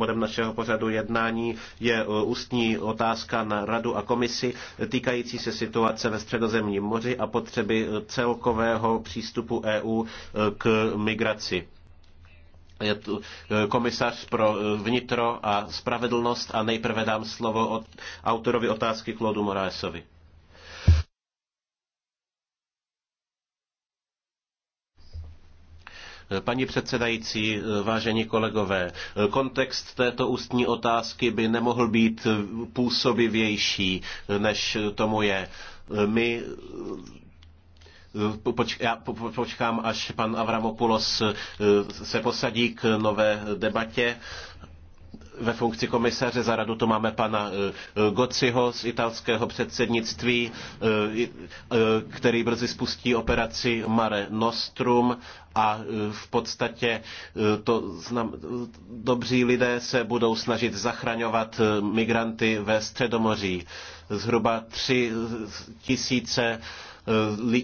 bodem našeho pořadu jednání je e, ústní otázka na radu a komisi týkající se situace ve středozemním moři a potřeby e, celkového přístupu EU e, k migraci. Je tu komisař pro vnitro a spravedlnost a nejprve dám slovo autorovi otázky Claudu Moraesovi. Paní předsedající, vážení kolegové, kontext této ústní otázky by nemohl být působivější, než tomu je. My já počkám, až pan Avramopoulos se posadí k nové debatě ve funkci komisaře za radu tu máme pana eh, eh, Gociho z italského předsednictví, eh, který brzy spustí operaci Mare Nostrum a v podstatě to znam, dobří lidé se budou snažit zachraňovat migranty ve Středomoří. Zhruba tři tisíce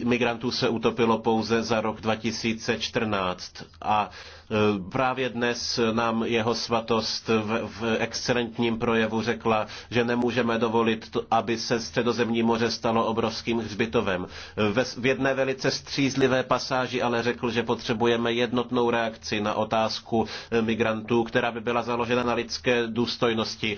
migrantů se utopilo pouze za rok 2014 a Eh, právě dnes nám jeho svatost v, v excelentním projevu řekla, že nemůžeme dovolit, to, aby se středozemní moře stalo obrovským hřbitovem. Eh, ve, v jedné velice střízlivé pasáži ale řekl, že potřebujeme jednotnou reakci na otázku eh, migrantů, která by byla založena na lidské důstojnosti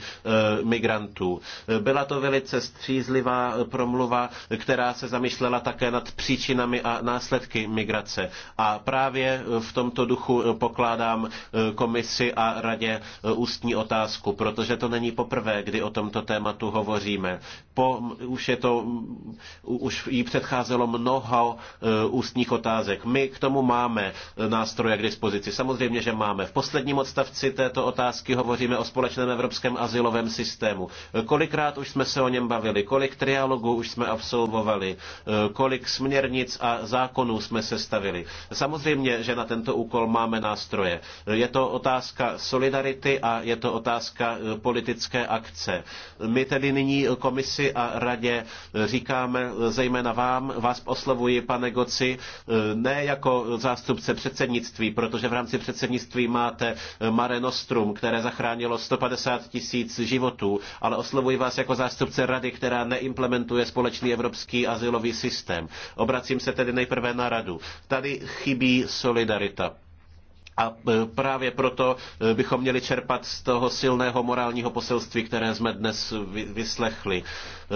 migrantů. Byla to velice střízlivá promluva, která se zamýšlela také nad příčinami a následky migrace. A právě v tomto duchu pokládám eh, komisi a radě eh, ústní otázku, protože to není poprvé, kdy o tomto tématu hovoříme. Po, už, je to, už jí předcházelo mnoho eh, ústních otázek. My k tomu máme nástroje k dispozici. Samozřejmě, že máme. V posledním odstavci této otázky hovoříme o společném evropském asilovém systému. Kolikrát už jsme se o něm bavili, kolik trialogů už jsme absolvovali, kolik směrnic a zákonů jsme sestavili. Samozřejmě, že na tento úkol máme nástroje. Je to otázka solidarity a je to otázka e, politické akce. My tedy nyní komisi a radě e, říkáme e, zejména vám, vás oslovuji, pane Goci, ne jako zástupce předsednictví, protože v rámci předsednictví máte Mare Nostrum, které zachránilo 150 tisíc životů, ale oslovuji vás jako zástupce rady, která neimplementuje společný evropský asilový systém. Obracím se tedy nejprve na radu. Tady chybí solidarita a e, právě proto e, bychom měli čerpat z toho silného morálního poselství, které jsme dnes vyslechli.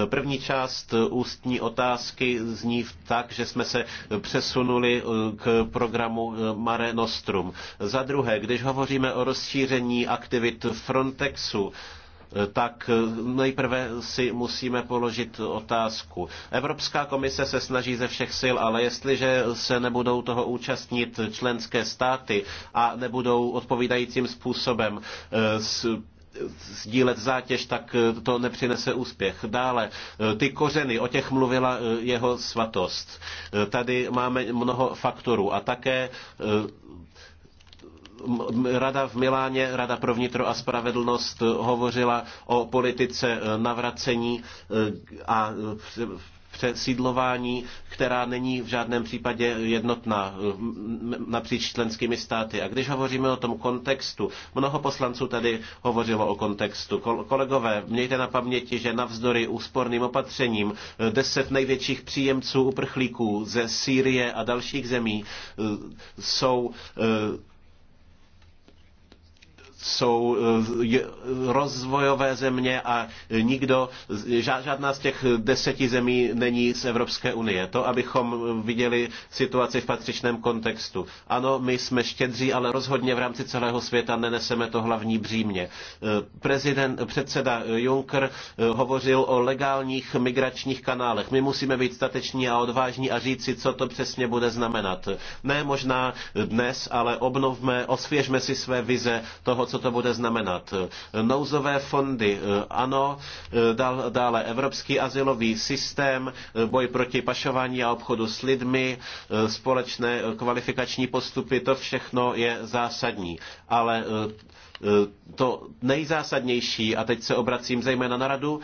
E, první část ústní otázky zní tak, že jsme se přesunuli k programu Mare Nostrum. Za druhé, když hovoříme o rozšíření aktivit Frontexu, tak eh, nejprve si musíme položit otázku. Evropská komise se snaží ze všech sil, ale jestliže se nebudou toho účastnit členské státy a nebudou odpovídajícím způsobem eh, sdílet zátěž, tak eh, to nepřinese úspěch. Dále, ty kořeny, o těch mluvila jeho svatost. Tady máme mnoho faktorů a také Rada v Miláně, Rada pro vnitro a spravedlnost hovořila o politice navracení eh, a přesídlování, která není v žádném případě jednotná eh, napříč členskými státy. A když hovoříme o tom kontextu, mnoho poslanců tady hovořilo o kontextu. Kolegové, mějte na paměti, že navzdory úsporným opatřením eh, deset největších příjemců uprchlíků ze Sýrie a dalších zemí jsou jsou eh, rozvojové země a nikdo, žádná z těch deseti zemí není z Evropské unie. To, abychom viděli situaci v patřičném kontextu. Ano, my jsme štědří, ale rozhodně v rámci celého světa neneseme to hlavní břímě. Eh, prezident, předseda Juncker eh, hovořil o legálních migračních kanálech. My musíme být stateční a odvážní a říct si, co to přesně bude znamenat. Ne možná dnes, ale obnovme, osvěžme si své vize toho, co to bude znamenat. Nouzové fondy, eh, ano, eh, dále evropský asilový systém, eh, boj proti pašování a obchodu s lidmi, společné kvalifikační postupy, to všechno je zásadní. Ale to nejzásadnější, a teď se obracím zejména na radu,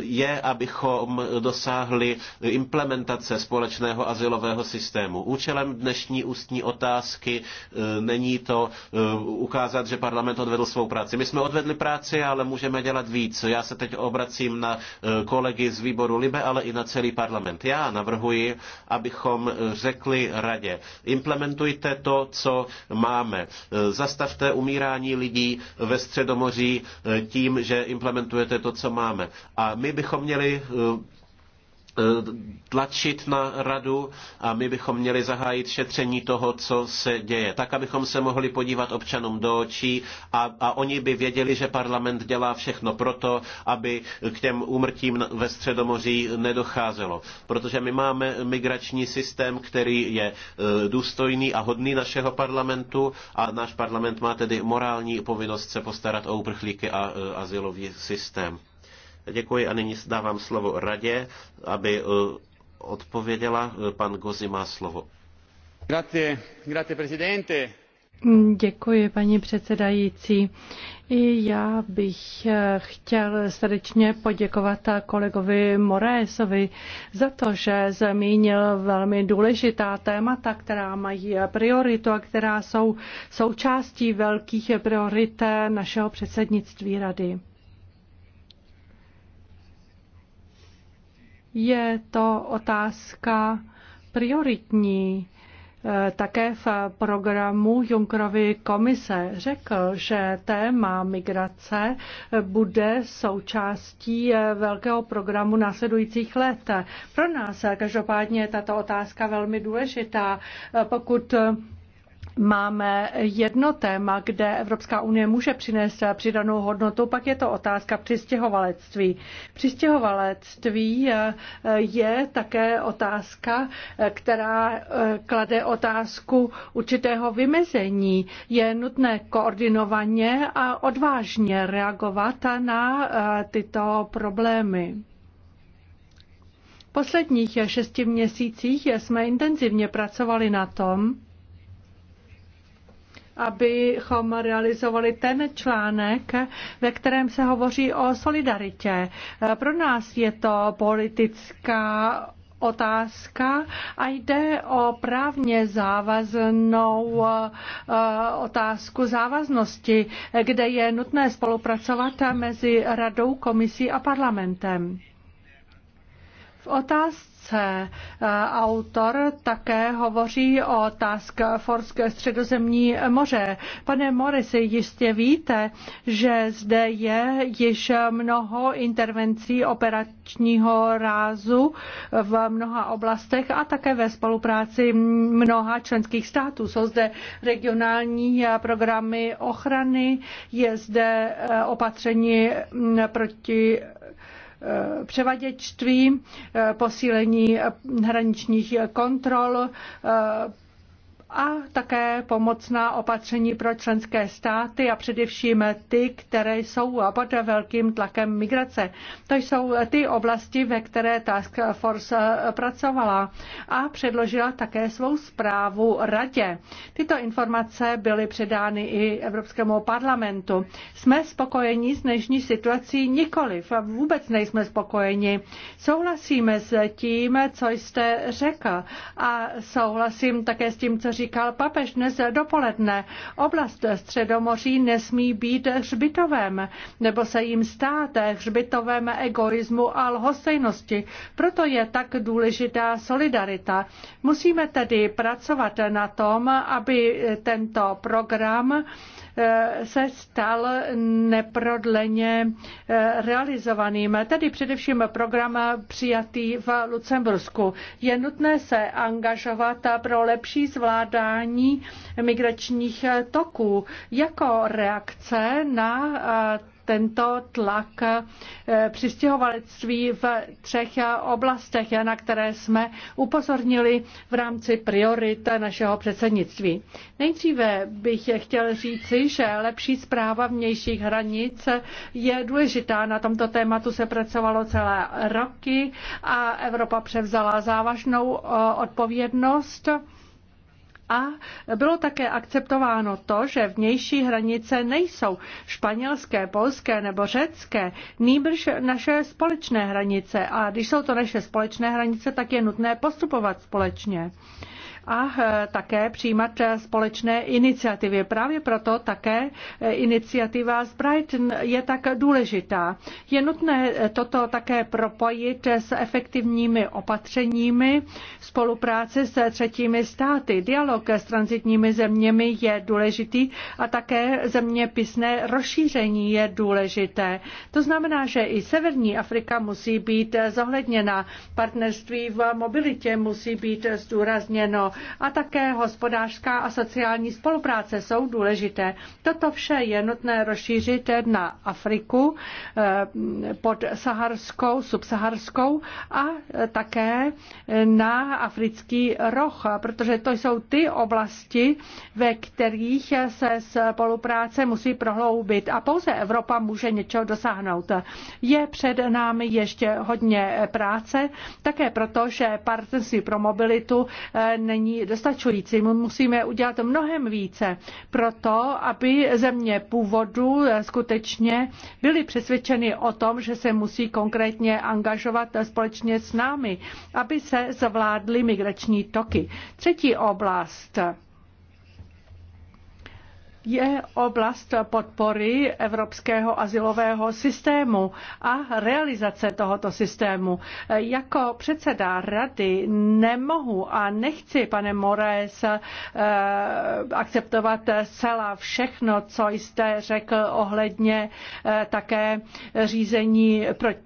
je, abychom dosáhli implementace společného asilového systému. Účelem dnešní ústní otázky e, není to e, ukázat, že parlament odvedl svou práci. My jsme odvedli práci, ale můžeme dělat víc. Já se teď obracím na e, kolegy z výboru Libe, ale i na celý parlament. Já navrhuji, abychom řekli radě, implementujte to, co máme. Zastavte umírání lidí ve Středomoří tím, že implementujete to, co máme. A a my bychom měli eh, eh, tlačit na radu a my bychom měli zahájit šetření toho, co se děje, tak, abychom se mohli podívat občanům do očí a, a oni by věděli, že parlament dělá všechno proto, aby k těm úmrtím ve Středomoří nedocházelo. Protože my máme migrační systém, který je eh, důstojný a hodný našeho parlamentu a náš parlament má tedy morální povinnost se postarat o uprchlíky a azylový systém. Děkuji a nyní dávám slovo radě, aby eh, odpověděla. Pan Gozi má slovo. Grazie, grazie presidente. Děkuji, paní předsedající. I já bych eh, chtěl srdečně poděkovat kolegovi Moraesovi za to, že zmínil velmi důležitá témata, která mají prioritu a která jsou součástí velkých priorit eh, našeho předsednictví rady. je to otázka prioritní. Eh, také v programu Junkrovy komise řekl, že téma migrace bude součástí eh, velkého programu následujících let. Pro nás eh, každopádně je tato otázka velmi důležitá. Pokud máme jedno téma, kde Evropská unie může přinést přidanou hodnotu, pak je to otázka přistěhovalectví. Přistěhovalectví eh, je také otázka, eh, která eh, klade otázku určitého vymezení. Je nutné koordinovaně a odvážně reagovat na tyto problémy posledních šesti měsících jsme intenzivně pracovali na tom, abychom realizovali ten článek, ve kterém se hovoří o solidaritě. Pro nás je to politická otázka a jde o právně závaznou eh, otázku závaznosti, kde je nutné spolupracovat mezi radou, komisí a parlamentem otázce eh, autor také hovoří o Task Force středozemní moře. Pane Morisi, jistě víte, že zde je již mnoho intervencí operačního rázu v mnoha oblastech a také ve spolupráci mnoha členských států. Jsou zde regionální programy ochrany, je zde eh, opatření mm, proti převaděčství, eh, posílení eh, hraničních kontrol, eh, a také pomocná opatření pro členské státy a především ty, které jsou pod velkým tlakem migrace. To jsou ty oblasti, ve které Task Force pracovala a předložila také svou zprávu radě. Tyto informace byly předány i Evropskému parlamentu. Jsme spokojeni s dnešní situací? Nikoliv. Vůbec nejsme spokojeni. Souhlasíme s tím, co jste řekl a souhlasím také s tím, co říkal papež dnes dopoledne. Oblast Středomoří nesmí být hřbitovem, nebo se jim stát hřbitovem egoismu a lhostejnosti. Proto je tak důležitá solidarita. Musíme tedy pracovat na tom, aby tento program se stal neprodleně eh, realizovaným. Tedy především program přijatý v Lucembursku. Je nutné se angažovat pro lepší zvládání migračních toků jako reakce na eh, tento tlak eh, přistěhovalectví v třech eh, oblastech, na které jsme upozornili v rámci priorit našeho předsednictví. Nejdříve bych chtěl říci, že lepší zpráva vnějších hranic je důležitá. Na tomto tématu se pracovalo celé roky a Evropa převzala závažnou eh, odpovědnost a bylo také akceptováno to, že vnější hranice nejsou španělské, polské nebo řecké, nýbrž naše společné hranice. A když jsou to naše společné hranice, tak je nutné postupovat společně a eh, také přijímat společné iniciativy. Právě proto také eh, iniciativa z Brighton je tak důležitá. Je nutné eh, toto také propojit s efektivními opatřeními spolupráce s třetími státy. Dialog s transitními zeměmi je důležitý a také zeměpisné rozšíření je důležité. To znamená, že i Severní Afrika musí být zohledněna. Partnerství v mobilitě musí být zdůrazněno a také hospodářská a sociální spolupráce jsou důležité. Toto vše je nutné rozšířit na Afriku eh, pod saharskou, subsaharskou a také na africký roh, protože to jsou ty oblasti, ve kterých se spolupráce musí prohloubit a pouze Evropa může něčeho dosáhnout. Je před námi ještě hodně práce, také proto, že partnerství pro mobilitu eh, není není dostačující. Musíme udělat mnohem více pro to, aby země původu skutečně byly přesvědčeny o tom, že se musí konkrétně angažovat společně s námi, aby se zvládly migrační toky. Třetí oblast je oblast podpory evropského asilového systému a realizace tohoto systému. Jako předseda rady nemohu a nechci, pane Moraes, eh, akceptovat celá všechno, co jste řekl ohledně eh, také řízení proti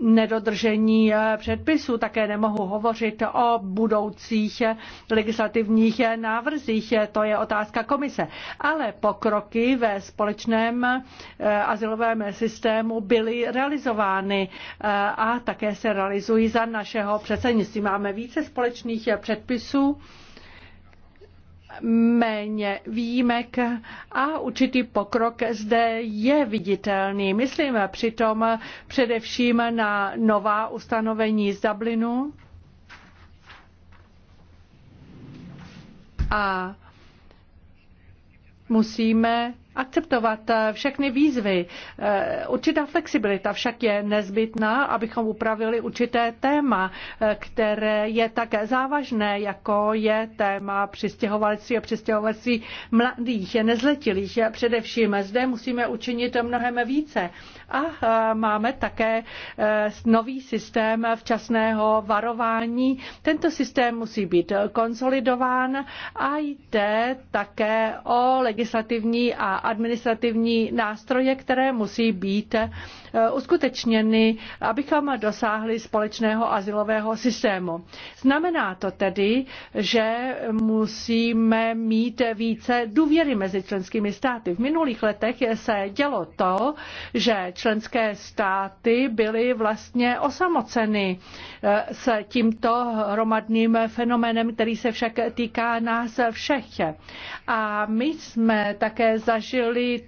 nedodržení eh, předpisů. Také nemohu hovořit o budoucích eh, legislativních eh, návrzích, to je otázka komise. Ale pokroky ve společném asilovém systému byly realizovány a také se realizují za našeho předsednictví. Máme více společných předpisů méně výjimek a určitý pokrok zde je viditelný. Myslím přitom především na nová ustanovení z Dublinu a musíme akceptovat eh, všechny výzvy. Eh, určitá flexibilita však je nezbytná, abychom upravili určité téma, eh, které je tak závažné, jako je téma přistěhovalství a přistěhovalství mladých, nezletilých. Především zde musíme učinit mnohem více. A máme také nový systém včasného varování. Tento systém musí být konsolidován a jde také o legislativní a administrativní nástroje, které musí být Eh, uskutečněny, abychom dosáhli společného asilového systému. Znamená to tedy, že musíme mít více důvěry mezi členskými státy. V minulých letech se dělo to, že členské státy byly vlastně osamoceny eh, s tímto hromadným fenoménem, který se však týká nás všech. A my jsme také zažili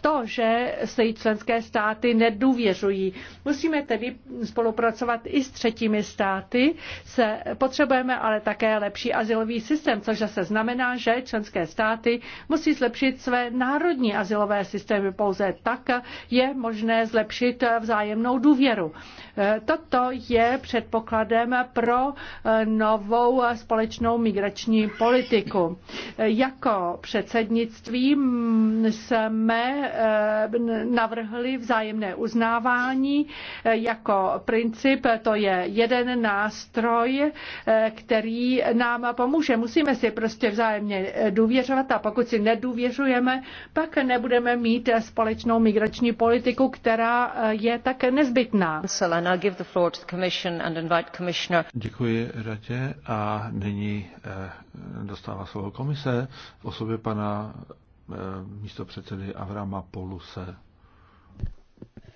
to, že se jí členské státy nedůvěřují. Musíme tedy spolupracovat i s třetími státy. Se, potřebujeme ale také lepší asilový systém, což zase znamená, že členské státy musí zlepšit své národní asilové systémy. Pouze tak je možné zlepšit vzájemnou důvěru. E, toto je předpokladem pro e, novou společnou migrační politiku. E, jako předsednictví jsme Eh, navrhli vzájemné uznávání eh, jako princip. To je jeden nástroj, eh, který nám pomůže. Musíme si prostě vzájemně důvěřovat a pokud si nedůvěřujeme, pak nebudeme mít společnou migrační politiku, která je tak nezbytná. Děkuji radě a nyní dostává slovo komise v osobě pana Eh, místo předsedy Avrama Poluse.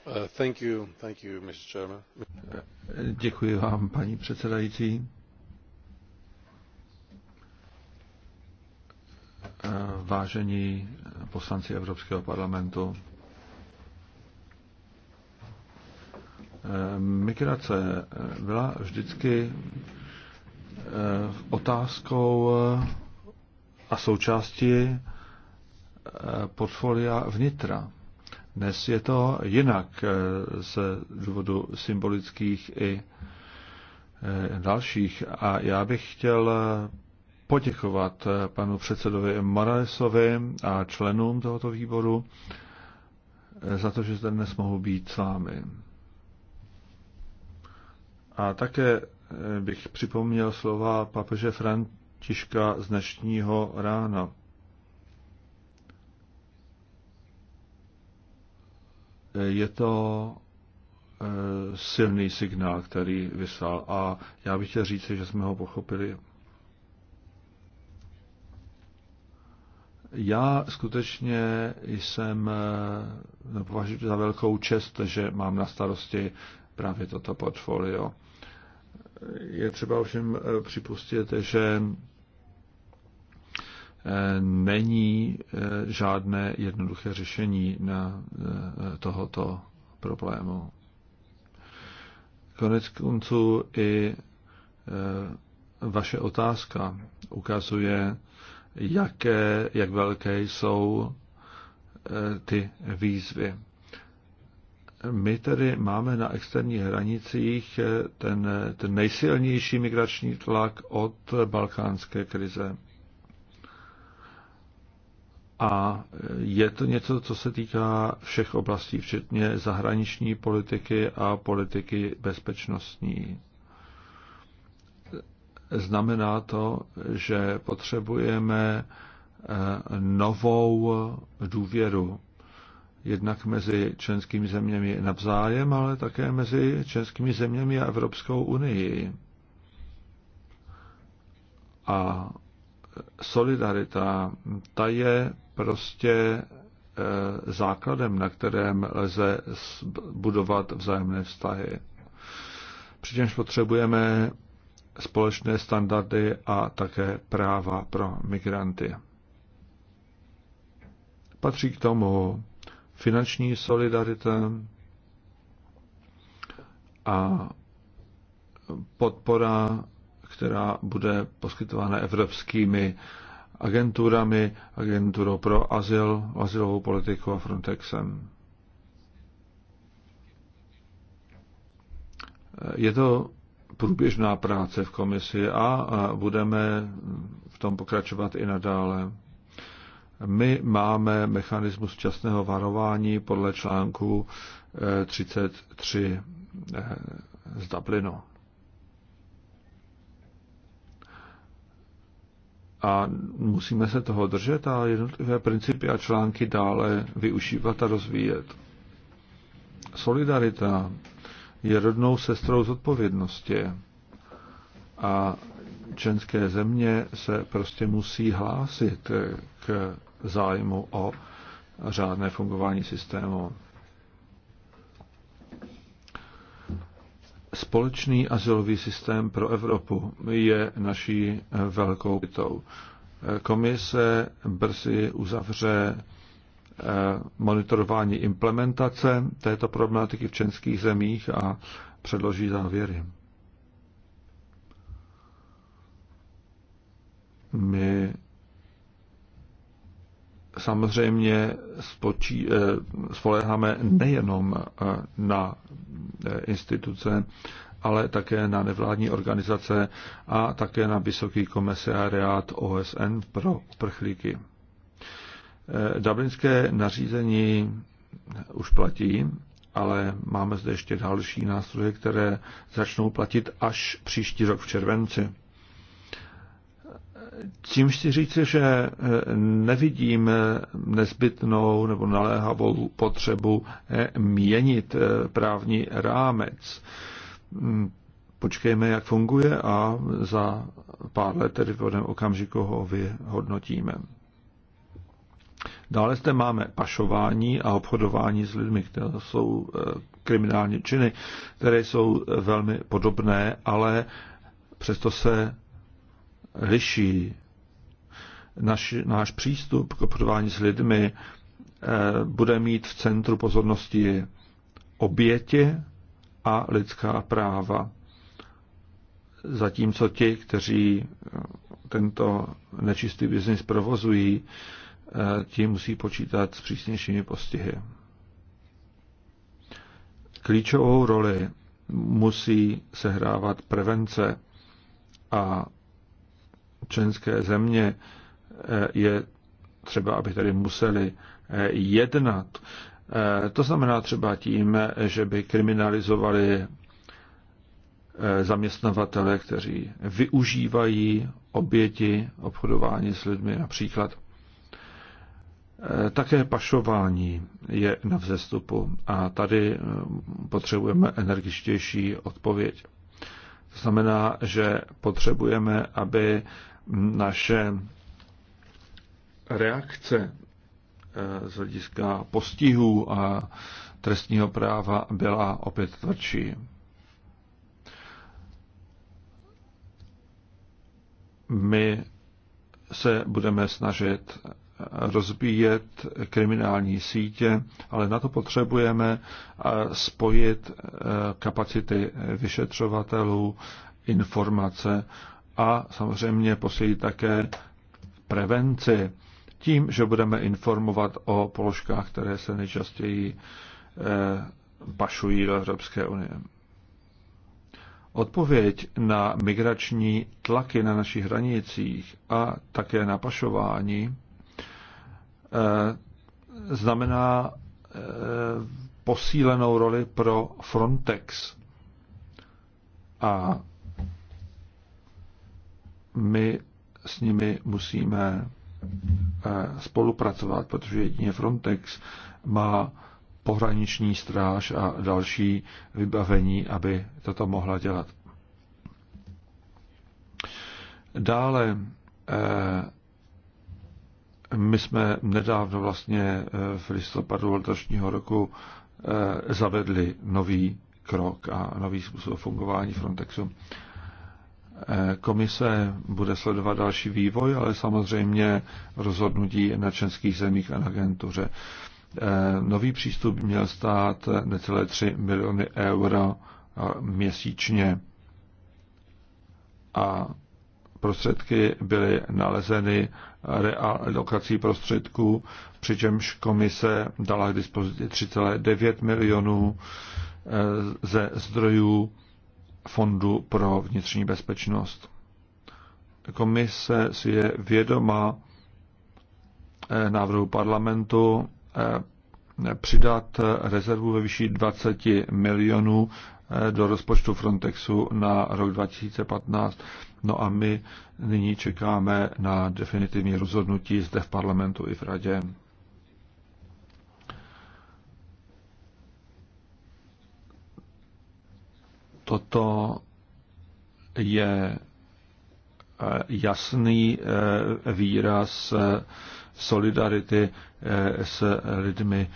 Uh, thank you, thank you, Mr. Chairman. Děkuji vám, paní předsedající. Eh, vážení poslanci Evropského parlamentu, eh, migrace byla vždycky otázkou a součástí Eh, portfolia vnitra. Dnes je to jinak eh, z důvodu symbolických i eh, dalších. A já bych chtěl poděkovat panu předsedovi Moralesovi a členům tohoto výboru za to, že zde dnes mohu být s vámi. A také bych připomněl slova papeže Františka z dnešního rána. je to eh, silný signál, který vyslal. A já bych chtěl říct, že jsme ho pochopili. Já skutečně jsem eh, považuji za velkou čest, že mám na starosti právě toto portfolio. Je třeba ovšem eh, připustit, že není eh, žádné jednoduché řešení na eh, tohoto problému. Konec konců i eh, vaše otázka ukazuje, jaké, jak velké jsou ty výzvy. My tedy máme na externích hranicích ten, ten nejsilnější migrační tlak od balkánské krize. A e, je to něco, co se týká všech oblastí, včetně zahraniční politiky a politiky bezpečnostní. Znamená to, že potřebujeme e, novou důvěru jednak mezi členskými zeměmi navzájem, ale také mezi členskými zeměmi a Evropskou unii. A solidarita, ta je prostě eh, základem, na kterém lze budovat vzájemné vztahy. Přičemž potřebujeme společné standardy a také práva pro migranty. Patří k tomu finanční solidarita a podpora která bude poskytována evropskými agenturami, agenturou pro azyl, azylovou politiku a Frontexem. Je to průběžná práce v komisi a budeme v tom pokračovat i nadále. My máme mechanismus časného varování podle článku 33 eh, eh, z Dublinu. a musíme se toho držet a jednotlivé principy a články dále využívat a rozvíjet. Solidarita je rodnou sestrou zodpovědnosti a členské země se prostě musí hlásit k zájmu o řádné fungování systému. Společný asilový systém pro Evropu je naší eh, velkou bytou. Eh, komise brzy uzavře eh, monitorování implementace této problematiky v českých zemích a předloží závěry. My samozřejmě spočí, eh, spoleháme nejenom eh, na eh, instituce, ale také na nevládní organizace a také na Vysoký komisariát OSN pro uprchlíky. Dublinské nařízení už platí, ale máme zde ještě další nástroje, které začnou platit až příští rok v červenci. Tím chci říci, že eh, nevidím eh, nezbytnou nebo naléhavou potřebu eh, měnit právní rámec. Mm, počkejme, jak funguje a za pár let, tedy v okamžiku, ho vyhodnotíme. Dále zde máme pašování a obchodování s lidmi, které jsou kriminální činy, které jsou velmi podobné, ale přesto se liší. Naš, náš přístup k obchodování s lidmi eh, bude mít v centru pozornosti oběti a lidská práva. Zatímco ti, kteří eh, tento nečistý biznis provozují, eh, ti musí počítat s přísnějšími postihy. Klíčovou roli musí sehrávat prevence a členské země eh, je třeba, aby tady museli eh, jednat. Eh, to znamená třeba tím, že by kriminalizovali zaměstnavatele, kteří využívají oběti obchodování s lidmi například. Také pašování je na vzestupu a tady potřebujeme energičtější odpověď. To znamená, že potřebujeme, aby naše reakce eh, z hlediska postihů a trestního práva byla opět tvrdší. My se budeme snažit rozbíjet kriminální sítě, ale na to potřebujeme eh, spojit eh, kapacity vyšetřovatelů, informace a samozřejmě posílit také prevenci tím, že budeme informovat o položkách, které se nejčastěji eh, pašují do Evropské unie. Odpověď na migrační tlaky na našich hranicích a také na pašování eh, znamená eh, posílenou roli pro Frontex. A my s nimi musíme eh, spolupracovat, protože jedině Frontex má pohraniční stráž a další vybavení, aby toto mohla dělat. Dále eh, my jsme nedávno vlastně eh, v listopadu letošního roku zavedli nový krok a nový způsob fungování Frontexu. Komise bude sledovat další vývoj, ale samozřejmě rozhodnutí na členských zemích a na agentuře. Eh, nový přístup měl stát necelé 3 miliony euro eh, měsíčně a prostředky byly nalezeny realokací prostředků, přičemž komise dala k dispozici 3,9 milionů eh, ze zdrojů Fondu pro vnitřní bezpečnost. Komise si je vědoma eh, návrhu parlamentu eh, přidat rezervu ve výši 20 milionů eh, do rozpočtu Frontexu na rok 2015. No a my nyní čekáme na definitivní rozhodnutí zde v parlamentu i v radě. Toto je eh, jasný eh, výraz eh, solidarity s lidmi,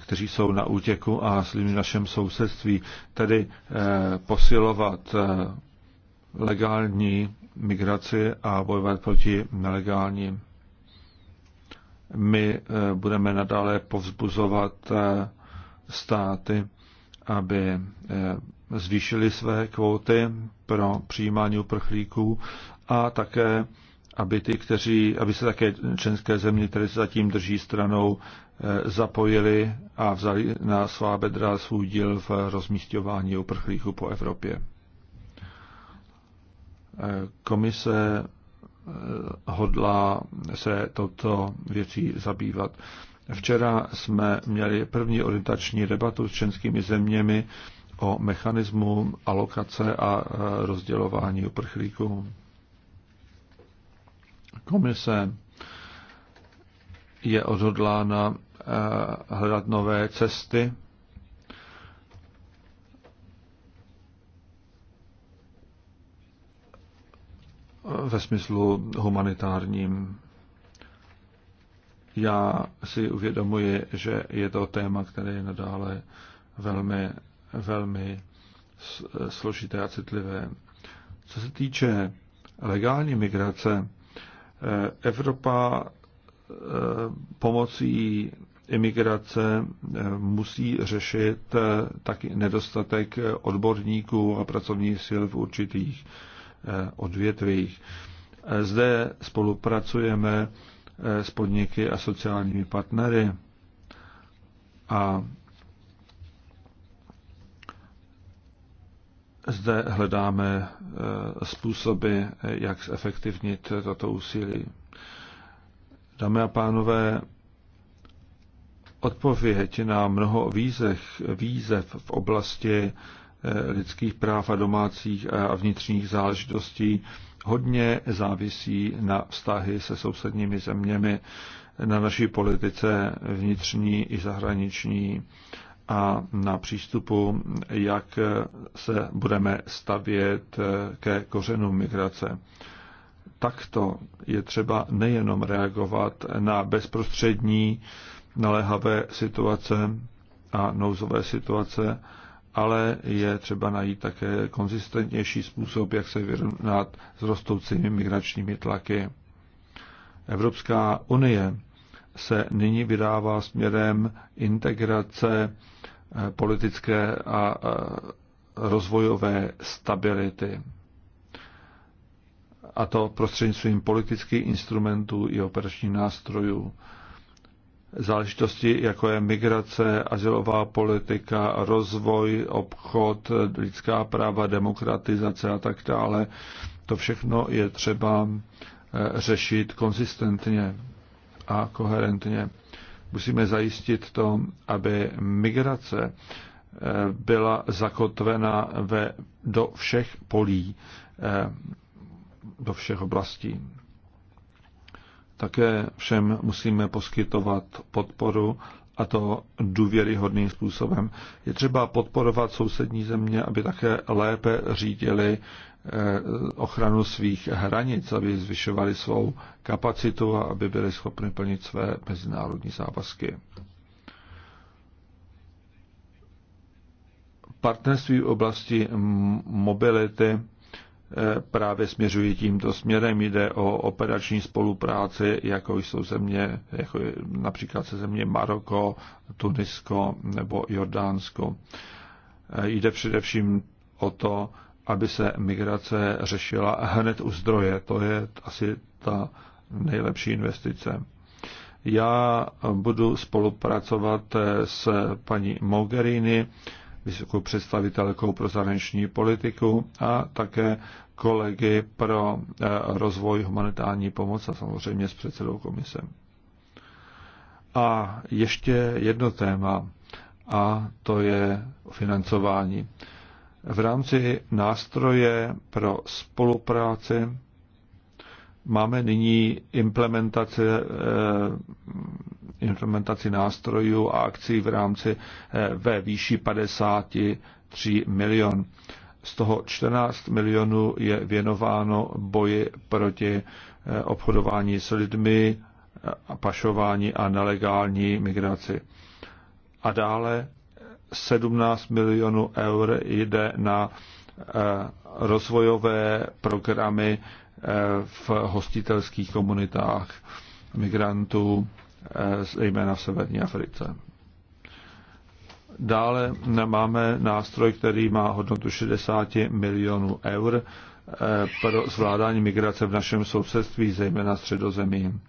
kteří jsou na útěku a s lidmi v našem sousedství. Tedy posilovat legální migraci a bojovat proti nelegálním. My budeme nadále povzbuzovat státy, aby zvýšili své kvóty pro přijímání uprchlíků a také, aby, ty, kteří, aby se také členské země, které se zatím drží stranou, eh, zapojili a vzali na svá bedra svůj díl v rozmístěvání uprchlíků po Evropě. Eh, komise eh, hodlá se toto věcí zabývat. Včera jsme měli první orientační debatu s členskými zeměmi o mechanismu alokace a e, rozdělování uprchlíků. Komise je odhodlána e, hledat nové cesty ve smyslu humanitárním. Já si uvědomuji, že je to téma, které je nadále velmi velmi eh, složité a citlivé. Co se týče legální migrace, eh, Evropa eh, pomocí imigrace musí řešit taky nedostatek odborníků a pracovních sil v určitých odvětvích. Zde spolupracujeme s podniky a sociálními partnery a Zde hledáme eh, způsoby, eh, jak zefektivnit toto úsilí. Dámy a pánové, odpověď na mnoho výzev, výzev v oblasti eh, lidských práv a domácích a vnitřních záležitostí hodně závisí na vztahy se sousedními zeměmi, na naší politice vnitřní i zahraniční a na přístupu, jak se budeme stavět ke kořenu migrace. Takto je třeba nejenom reagovat na bezprostřední naléhavé situace a nouzové situace, ale je třeba najít také konzistentnější způsob, jak se vyrovnat s rostoucími migračními tlaky. Evropská unie se nyní vydává směrem integrace Eh, politické a eh, rozvojové stability. A to prostřednictvím politických instrumentů i operačních nástrojů. Záležitosti, jako je migrace, azylová politika, rozvoj, obchod, lidská práva, demokratizace a tak dále, to všechno je třeba eh, řešit konzistentně a koherentně. Musíme zajistit to, aby migrace eh, byla zakotvena ve, do všech polí, eh, do všech oblastí. Také všem musíme poskytovat podporu a to důvěryhodným způsobem. Je třeba podporovat sousední země, aby také lépe řídili eh, ochranu svých hranic, aby zvyšovali svou kapacitu a aby byli schopni plnit své mezinárodní závazky. Partnerství v oblasti mobility E, právě směřují tímto směrem. Jde o operační spolupráci, jako jsou země, jako například se země Maroko, Tunisko nebo Jordánsko. E, jde především o to, aby se migrace řešila hned u zdroje. To je asi ta nejlepší investice. Já budu spolupracovat s paní Mogherini vysokou představitelkou pro zahraniční politiku a také kolegy pro eh, rozvoj humanitární pomoc a samozřejmě s předsedou komise. A ještě jedno téma a to je financování. V rámci nástroje pro spolupráci máme nyní implementace eh, implementaci nástrojů a akcí v rámci eh, ve výši 53 milion. Z toho 14 milionů je věnováno boji proti eh, obchodování s lidmi, eh, pašování a nelegální migraci. A dále 17 milionů eur jde na rozvojové programy v hostitelských komunitách migrantů zejména eh, v severní Africe. Dále máme nástroj, který má hodnotu 60 milionů eur eh, pro zvládání migrace v našem sousedství, zejména středozemí.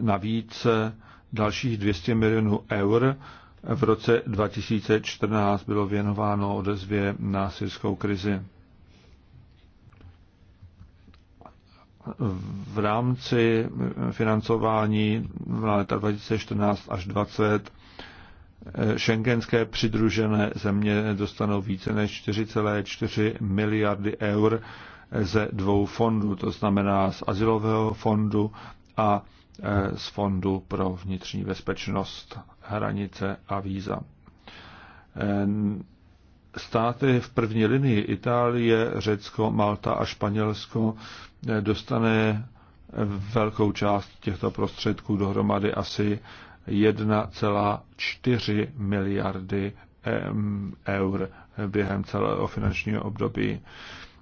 Navíc eh, dalších 200 milionů eur v roce 2014 bylo věnováno odezvě na syrskou krizi. v rámci financování na leta 2014 až 2020 eh, šengenské přidružené země dostanou více než 4,4 miliardy eur eh, ze dvou fondů, to znamená z asilového fondu a eh, z fondu pro vnitřní bezpečnost, hranice a víza státy v první linii, Itálie, Řecko, Malta a Španělsko, eh, dostane velkou část těchto prostředků dohromady asi 1,4 miliardy eur během celého finančního období.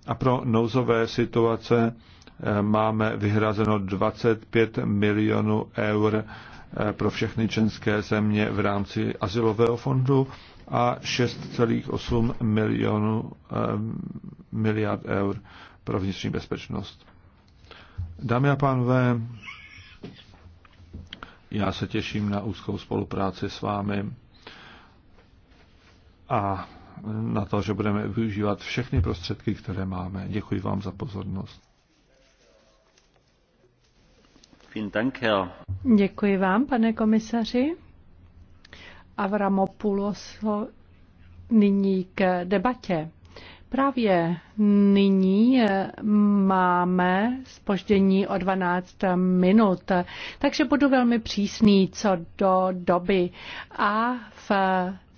A pro nouzové situace eh, máme vyhrazeno 25 milionů eur eh, pro všechny členské země v rámci asilového fondu a 6,8 milionů miliard eur pro vnitřní bezpečnost. Dámy a pánové, já se těším na úzkou spolupráci s vámi a na to, že budeme využívat všechny prostředky, které máme. Děkuji vám za pozornost. Děkuji vám, pane komisaři. Avramopoulos nyní k debatě. Právě nyní eh, máme spoždění o 12 minut, takže budu velmi přísný co do doby a v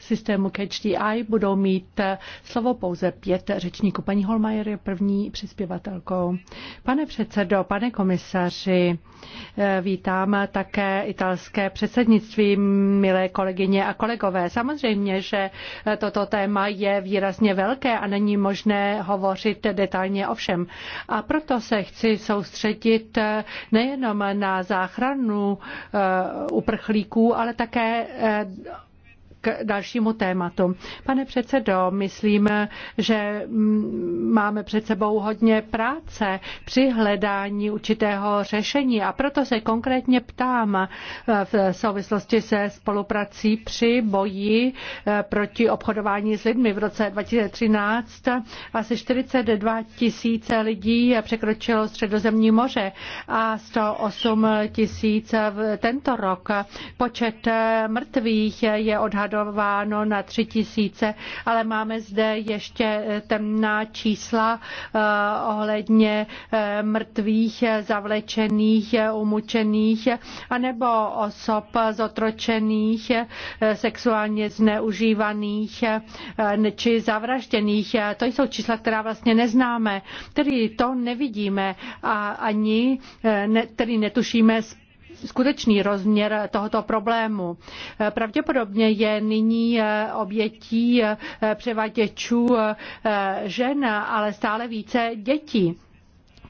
systému Catch the Eye budou mít eh, slovo pouze pět řečníků. Paní Holmajer je první přispěvatelkou. Pane předsedo, pane komisaři, eh, vítám také italské předsednictví, milé kolegyně a kolegové. Samozřejmě, že eh, toto téma je výrazně velké a není možné hovořit detailně o všem. A proto se chci soustředit nejenom na záchranu uprchlíků, ale také k dalšímu tématu. Pane předsedo, myslím, že mm, máme před sebou hodně práce při hledání určitého řešení a proto se konkrétně ptám eh, v souvislosti se spoluprací při boji eh, proti obchodování s lidmi. V roce 2013 asi 42 tisíce lidí překročilo středozemní moře a 108 tisíc tento rok. Počet eh, mrtvých je odhadován odhadováno na 3 tisíce, ale máme zde ještě temná čísla eh, ohledně eh, mrtvých, zavlečených, eh, umučených, anebo osob zotročených, sexuálně zneužívaných či zavražděných. To jsou čísla, která vlastně neznáme, tedy to nevidíme a ani ne, tedy netušíme, skutečný rozměr tohoto problému. Pravděpodobně je nyní eh, obětí eh, převaděčů eh, žen, ale stále více dětí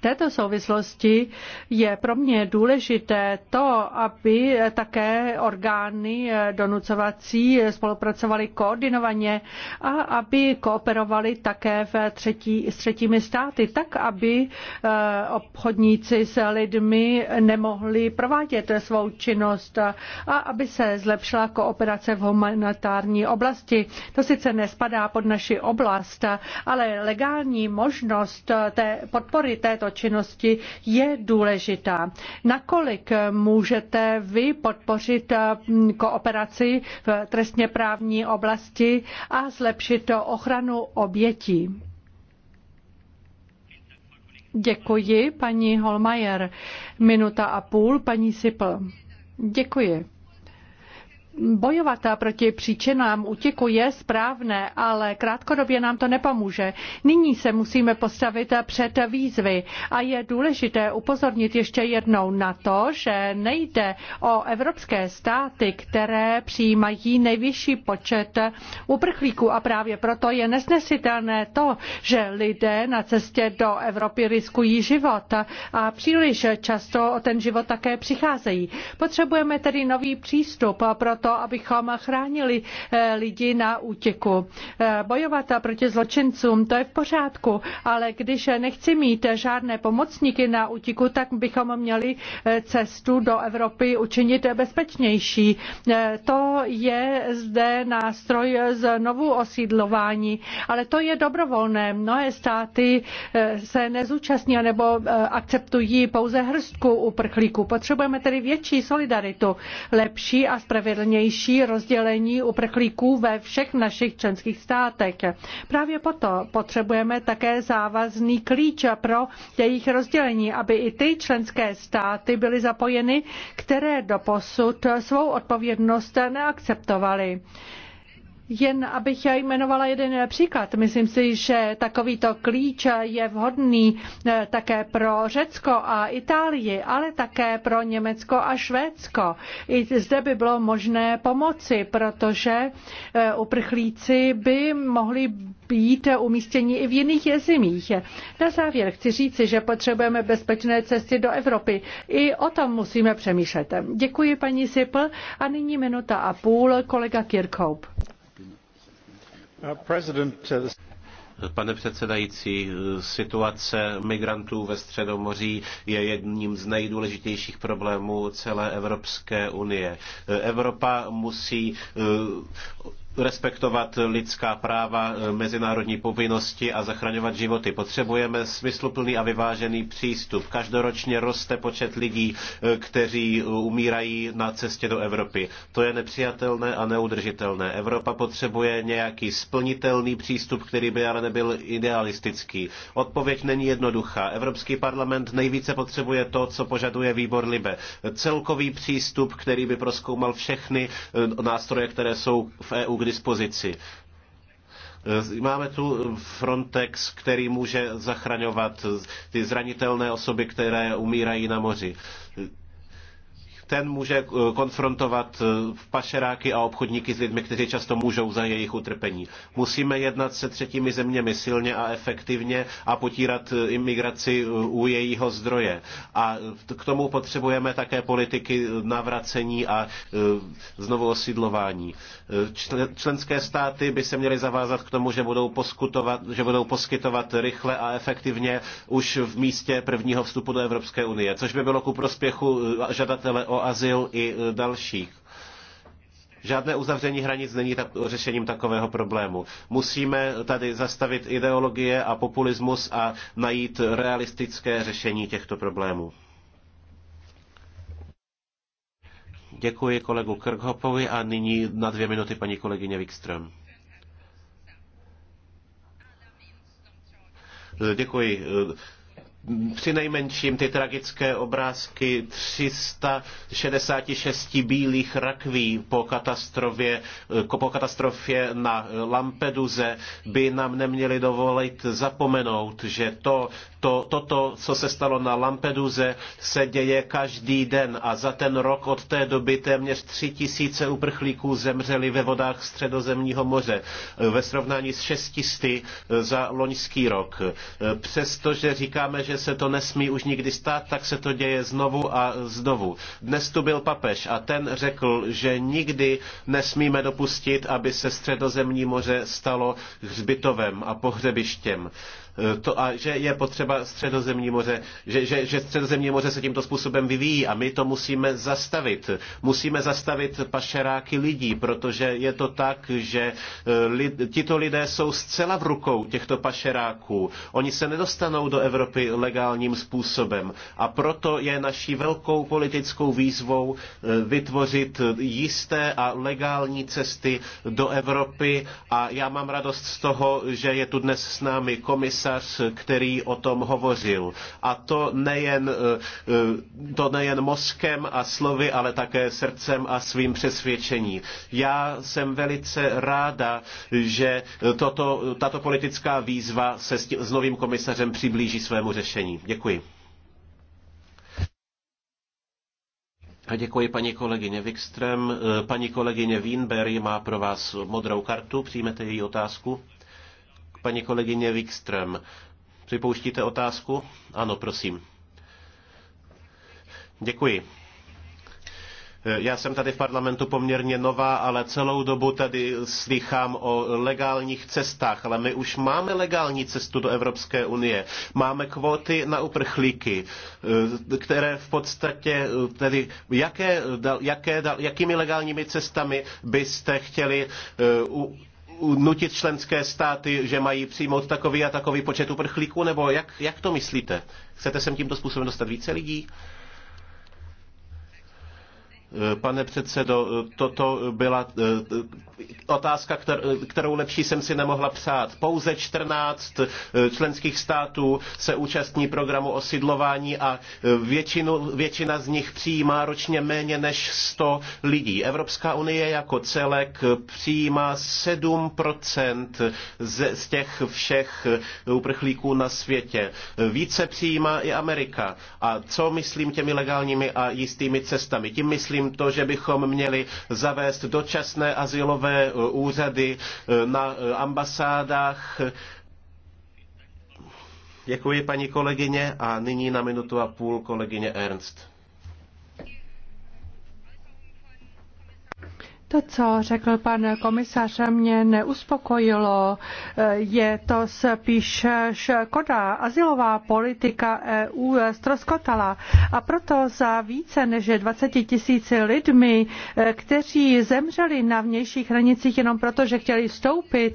této souvislosti je pro mě důležité to, aby také orgány eh, donucovací eh, spolupracovaly koordinovaně a aby kooperovaly také v třetí, s třetími státy, tak aby eh, obchodníci s lidmi nemohli provádět svou činnost a aby se zlepšila kooperace v humanitární oblasti. To sice nespadá pod naši oblast, ale legální možnost té podpory této činnosti je důležitá. Nakolik můžete vy podpořit eh, kooperaci v trestně právní oblasti a zlepšit ochranu obětí? Děkuji, paní Holmajer. Minuta a půl, paní Sipl. Děkuji. Bojovat proti příčinám útěku je správné, ale krátkodobě nám to nepomůže. Nyní se musíme postavit před výzvy a je důležité upozornit ještě jednou na to, že nejde o evropské státy, které přijímají nejvyšší počet uprchlíků a právě proto je nesnesitelné to, že lidé na cestě do Evropy riskují život a příliš často o ten život také přicházejí. Potřebujeme tedy nový přístup pro to, abychom chránili eh, lidi na útěku. Eh, bojovat proti zločincům, to je v pořádku, ale když nechci mít žádné pomocníky na útěku, tak bychom měli eh, cestu do Evropy učinit bezpečnější. To je zde nástroj znovu osídlování, ale to je dobrovolné. Mnohé státy se nezúčastní nebo akceptují pouze hrstku uprchlíků. Potřebujeme tedy větší solidaritu, lepší a spravedlnější silnější rozdělení uprchlíků ve všech našich členských státech. Právě proto potřebujeme také závazný klíč pro jejich rozdělení, aby i ty členské státy byly zapojeny, které doposud svou odpovědnost neakceptovaly. Jen abych jmenovala jeden příklad. Myslím si, že takovýto klíč je vhodný eh, také pro Řecko a Itálii, ale také pro Německo a Švédsko. I zde by bylo možné pomoci, protože eh, uprchlíci by mohli být umístěni i v jiných zemích. Na závěr chci říci, že potřebujeme bezpečné cesty do Evropy. I o tom musíme přemýšlet. Děkuji paní Sipl a nyní minuta a půl kolega Kirkhope. Pane předsedající, situace migrantů ve Středomoří je jedním z nejdůležitějších problémů celé Evropské unie. Evropa musí respektovat lidská práva, eh, mezinárodní povinnosti a zachraňovat životy. Potřebujeme smysluplný a vyvážený přístup. Každoročně roste počet lidí, eh, kteří eh, umírají na cestě do Evropy. To je nepřijatelné a neudržitelné. Evropa potřebuje nějaký splnitelný přístup, který by ale nebyl idealistický. Odpověď není jednoduchá. Evropský parlament nejvíce potřebuje to, co požaduje výbor Libe. Celkový přístup, který by proskoumal všechny nástroje, které jsou v EU k dispozici. Máme tu Frontex, který může zachraňovat ty zranitelné osoby, které umírají na moři ten může eh, konfrontovat eh, pašeráky a obchodníky s lidmi, kteří často můžou za jejich utrpení. Musíme jednat se třetími zeměmi silně a efektivně a potírat eh, imigraci u jejího zdroje. A k tomu potřebujeme také politiky navracení a znovu osidlování. Členské státy by se měly zavázat k tomu, že budou, že budou poskytovat rychle a efektivně už v místě prvního vstupu do Evropské unie, což by bylo ku prospěchu žadatele o azyl i e, dalších. Žádné uzavření hranic není tak, řešením takového problému. Musíme tady zastavit ideologie a populismus a najít realistické řešení těchto problémů. Děkuji kolegu Krkhopovi a nyní na dvě minuty paní kolegyně Wikström. Děkuji přinejmenším ty tragické obrázky 366 bílých rakví po katastrofě, po katastrofě na Lampeduze by nám neměli dovolit zapomenout, že to, to, toto, co se stalo na Lampeduze, se děje každý den a za ten rok od té doby téměř tři tisíce uprchlíků zemřeli ve vodách středozemního moře ve srovnání s 600 za loňský rok. Přestože říkáme, že že se to nesmí už nikdy stát, tak se to děje znovu a znovu. Dnes tu byl papež a ten řekl, že nikdy nesmíme dopustit, aby se středozemní moře stalo hřbitovem a pohřebištěm to, a že je potřeba středozemní moře, že, že, že středozemní moře se tímto způsobem vyvíjí a my to musíme zastavit. Musíme zastavit pašeráky lidí, protože je to tak, že eh, lid, tito lidé jsou zcela v rukou těchto pašeráků. Oni se nedostanou do Evropy legálním způsobem a proto je naší velkou politickou výzvou eh, vytvořit jisté a legální cesty do Evropy a já mám radost z toho, že je tu dnes s námi komise komisař, který o tom hovořil. A to nejen, eh, eh, to nejen mozkem a slovy, ale také srdcem a svým přesvědčením. Já jsem velice ráda, že toto, tato politická výzva se s, tím, s novým komisařem přiblíží svému řešení. Děkuji. A děkuji paní kolegyně Wikström. Eh, paní kolegyně Wienberg má pro vás modrou kartu. Přijmete její otázku? Paní kolegyně Wikström, připouštíte otázku? Ano, prosím. Děkuji. Já jsem tady v parlamentu poměrně nová, ale celou dobu tady slychám o legálních cestách, ale my už máme legální cestu do Evropské unie. Máme kvóty na uprchlíky, které v podstatě, tedy jaké, jaké, jakými legálními cestami byste chtěli eh, nutit členské státy, že mají přijmout takový a takový počet uprchlíků, nebo jak, jak to myslíte? Chcete sem tímto způsobem dostat více lidí? Eh, pane předsedo, eh, toto byla eh, otázka, kterou lepší jsem si nemohla psát. Pouze 14 členských států se účastní programu osidlování a většinu, většina z nich přijímá ročně méně než 100 lidí. Evropská unie jako celek přijímá 7% z, z těch všech uprchlíků na světě. Více přijímá i Amerika. A co myslím těmi legálními a jistými cestami? Tím myslím především to, že bychom měli zavést dočasné asilové e, úřady e, na e, ambasádách. Děkuji paní kolegyně a nyní na minutu a půl kolegyně Ernst. To, co řekl pan komisař, mě neuspokojilo. Je to spíš škoda. Azylová politika EU ztroskotala. a proto za více než 20 tisíci lidmi, kteří zemřeli na vnějších hranicích jenom proto, že chtěli vstoupit,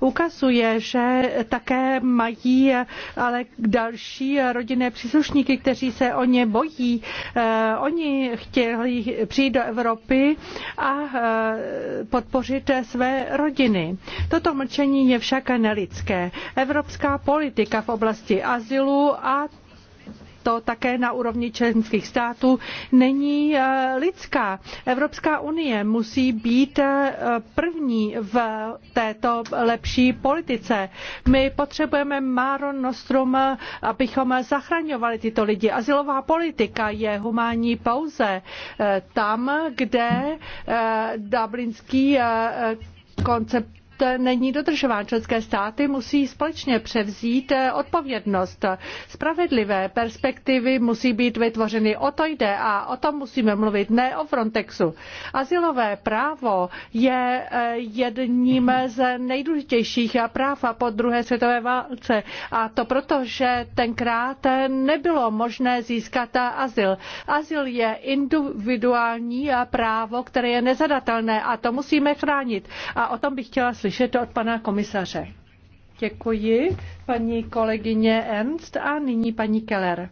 ukazuje, že také mají ale další rodinné příslušníky, kteří se o ně bojí. Oni chtěli přijít do Evropy a podpořit své rodiny. Toto mlčení je však nelidské. Evropská politika v oblasti azylu a to také na úrovni členských států, není eh, lidská. Evropská unie musí být eh, první v této lepší politice. My potřebujeme Maro Nostrum, eh, abychom zachraňovali tyto lidi. Azylová politika je humánní pouze tam, kde dublinský koncept není dodržován. Členské státy musí společně převzít eh, odpovědnost. Spravedlivé perspektivy musí být vytvořeny. O to jde a o tom musíme mluvit, ne o Frontexu. Azylové právo je eh, jedním z nejdůležitějších práv po druhé světové válce. A to proto, že tenkrát nebylo možné získat azyl. Azyl je individuální právo, které je nezadatelné a to musíme chránit. A o tom bych chtěla slyšet slyšet od pana komisaře. Děkuji paní kolegyně Ernst a nyní paní Keller.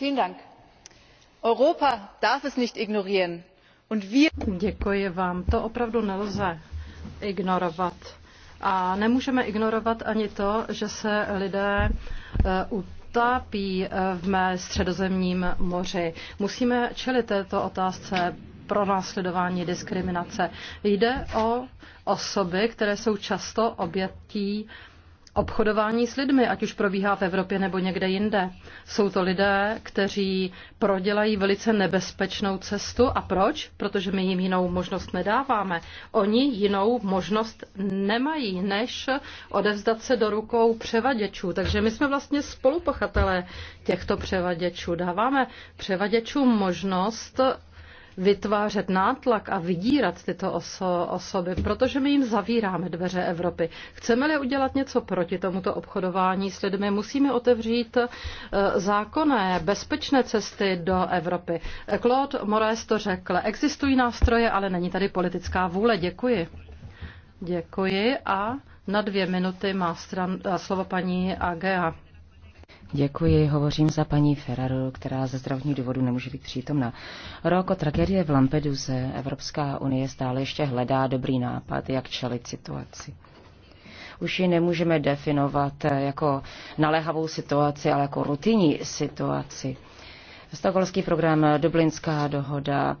Vielen Dank. Europa darf es nicht ignorieren. Und wir... Děkuji vám. To opravdu nelze ignorovat. A nemůžeme ignorovat ani to, že se lidé eh, utápí eh, v mé středozemním moři. Musíme čelit této otázce pro následování diskriminace. Jde o osoby, které jsou často obětí obchodování s lidmi, ať už probíhá v Evropě nebo někde jinde. Jsou to lidé, kteří prodělají velice nebezpečnou cestu. A proč? Protože my jim jinou možnost nedáváme. Oni jinou možnost nemají, než odevzdat se do rukou převaděčů. Takže my jsme vlastně spolupochatelé těchto převaděčů. Dáváme převaděčům možnost vytvářet nátlak a vydírat tyto oso- osoby, protože my jim zavíráme dveře Evropy. Chceme-li udělat něco proti tomuto obchodování s lidmi, musíme otevřít eh, zákonné, bezpečné cesty do Evropy. Claude Moraes to řekl. Existují nástroje, ale není tady politická vůle. Děkuji. Děkuji a na dvě minuty má stran, slovo paní Agea. Děkuji, hovořím za paní Ferraru, která ze zdravotních důvodů nemůže být přítomna. Roko tragédie v Lampeduze Evropská unie stále ještě hledá dobrý nápad, jak čelit situaci. Už ji nemůžeme definovat jako naléhavou situaci, ale jako rutinní situaci. Stokholmský program, Dublinská dohoda,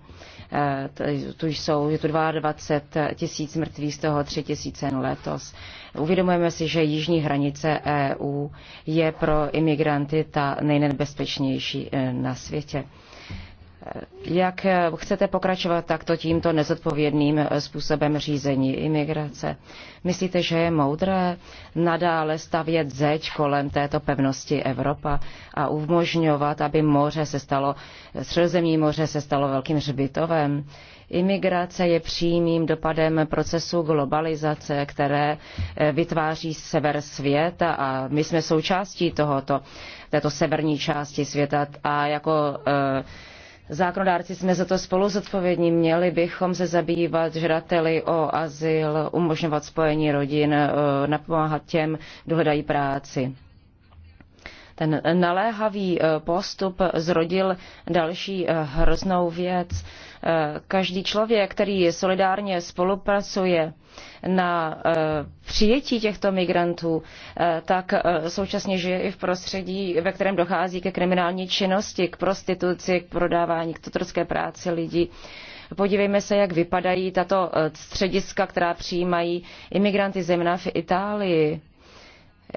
Eh, tu jsou, je tu 22 tisíc mrtvých, z toho 3 tisíce letos. Uvědomujeme si, že jižní hranice EU je pro imigranty ta nejnebezpečnější eh, na světě. Jak chcete pokračovat takto tímto nezodpovědným eh, způsobem řízení imigrace? Myslíte, že je moudré nadále stavět zeď kolem této pevnosti Evropa a umožňovat, aby moře se stalo, středozemní moře se stalo velkým hřbitovem? Imigrace je přímým dopadem procesu globalizace, které eh, vytváří sever světa a my jsme součástí tohoto, této severní části světa a jako uh, Zákonodárci jsme za to spolu zodpovědní. Měli bychom se zabývat žrateli o azyl, umožňovat spojení rodin, eh, napomáhat těm, kdo hledají práci. Ten naléhavý eh, postup zrodil další eh, hroznou věc. Eh, každý člověk, který solidárně spolupracuje na přijetí těchto migrantů, tak současně žije i v prostředí, ve kterém dochází ke kriminální činnosti, k prostituci, k prodávání, k tutorské práci lidí. Podívejme se, jak vypadají tato střediska, která přijímají imigranty, zemna v Itálii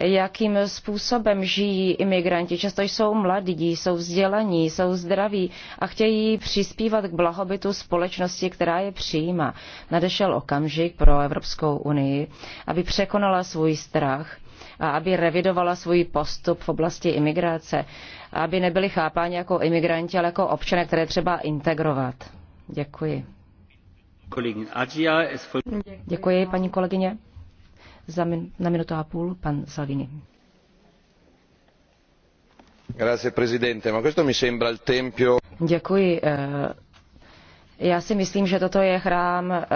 jakým způsobem žijí imigranti. Často jsou mladí, jsou vzdělaní, jsou zdraví a chtějí přispívat k blahobytu společnosti, která je přijíma. Nadešel okamžik pro Evropskou unii, aby překonala svůj strach a aby revidovala svůj postup v oblasti imigrace, aby nebyli chápáni jako imigranti, ale jako občané, které třeba integrovat. Děkuji. Děkuji, paní kolegyně. Za min- na minutu a půl pan Salvini. Grazie, presidente. Ma questo mi sembra il tempio... Děkuji. Eh, já si myslím, že toto je chrám eh,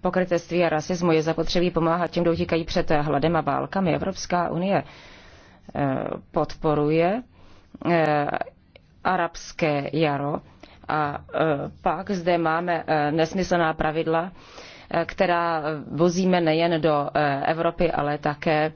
pokrytectví a rasismu. Je zapotřebí pomáhat těm, kdo utíkají před hladem a válkami. Evropská unie eh, podporuje arabské jaro a pak zde máme nesmyslná pravidla, která vozíme nejen do eh, Evropy, ale také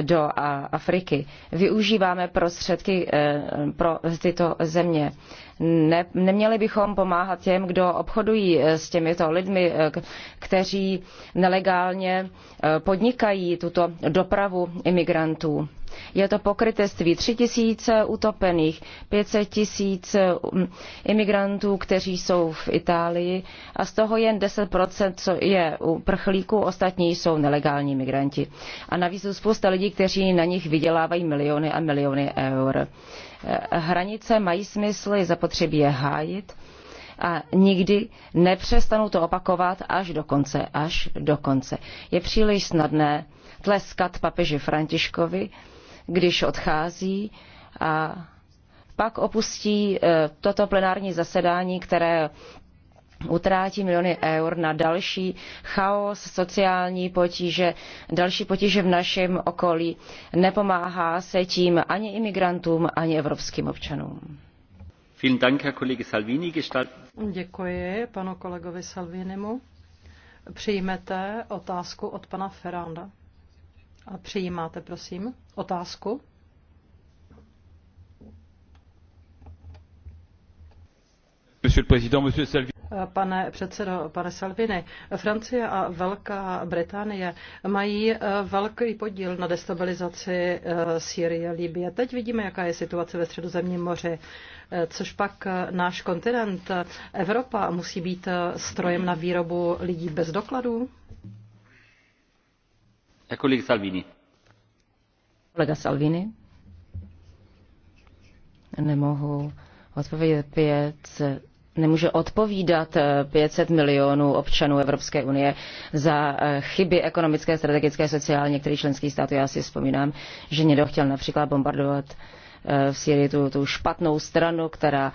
do eh, Afriky. Využíváme prostředky eh, pro tyto země. Ne, neměli bychom pomáhat těm, kdo obchodují eh, s těmito lidmi, eh, kteří nelegálně eh, podnikají tuto dopravu imigrantů. Je to pokrytectví. Tři tisíce utopených, 500 tisíc um, imigrantů, kteří jsou v Itálii a z toho jen 10% co je u prchlíků, ostatní jsou nelegální migranti. A navíc jsou spousta lidí, kteří na nich vydělávají miliony a miliony eur. Eh, hranice mají smysl, je zapotřebí je hájit a nikdy nepřestanu to opakovat až do konce, až do konce. Je příliš snadné tleskat papeži Františkovi, když odchází a pak opustí eh, toto plenární zasedání, které utrácí miliony eur na další chaos, sociální potíže, další potíže v našem okolí. Nepomáhá se tím ani imigrantům, ani evropským občanům. Děkuji panu kolegovi Salvinimu. Přijmete otázku od pana Ferranda. A přijímáte, prosím, otázku? Monsieur le Président, Monsieur Salvini pane předsedo, pane Salvini. Francie a Velká Británie mají eh, velký podíl na destabilizaci eh, Sýrie, Libie. Teď vidíme, jaká je situace ve středozemním moři, eh, což pak náš kontinent, Evropa, musí být strojem na výrobu lidí bez dokladů? Kolik Salvini. Kolega Salvini. Nemohu odpovědět pět nemůže odpovídat 500 eh, milionů občanů Evropské unie za eh, chyby ekonomické, strategické, sociální některých členských států. Já si vzpomínám, že někdo chtěl například bombardovat eh, v Syrii tu, tu špatnou stranu, která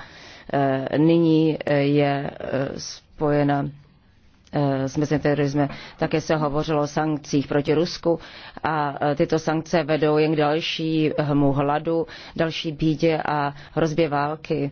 nyní je spojena s mezinárodním také se hovořilo o sankcích proti Rusku a tyto sankce vedou jen k další hmu hladu, další bídě a hrozbě války.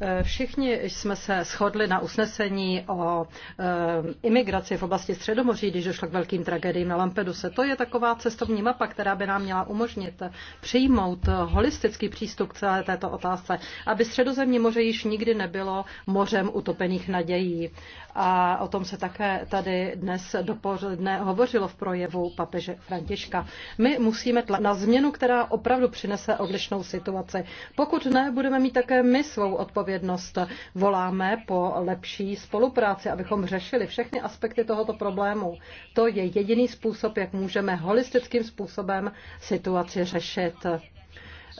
Eh, všichni jsme se shodli na usnesení o eh, imigraci v oblasti Středomoří, když došlo k velkým tragédiím na Lampeduse. To je taková cestovní mapa, která by nám měla umožnit přijmout holistický přístup k celé této otázce, aby Středozemní moře již nikdy nebylo mořem utopených nadějí a o tom se také tady dnes dopoledne hovořilo v projevu papeže Františka. My musíme tlačit na změnu, která opravdu přinese odlišnou situaci. Pokud ne, budeme mít také my svou odpovědnost. Voláme po lepší spolupráci, abychom řešili všechny aspekty tohoto problému. To je jediný způsob, jak můžeme holistickým způsobem situaci řešit.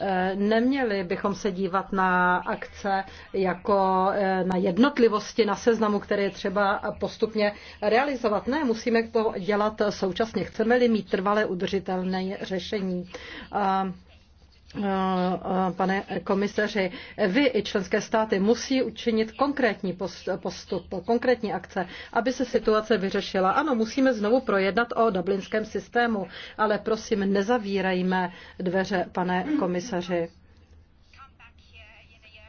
Eh, neměli bychom se dívat na akce jako eh, na jednotlivosti na seznamu, které je třeba postupně realizovat. Ne, musíme to dělat současně. Chceme-li mít trvale udržitelné řešení. Eh, Eh, eh, pane komisaři, vy i členské státy musí učinit konkrétní postup, konkrétní akce, aby se situace vyřešila. Ano, musíme znovu projednat o dublinském systému, ale prosím, nezavírajme dveře, pane komisaři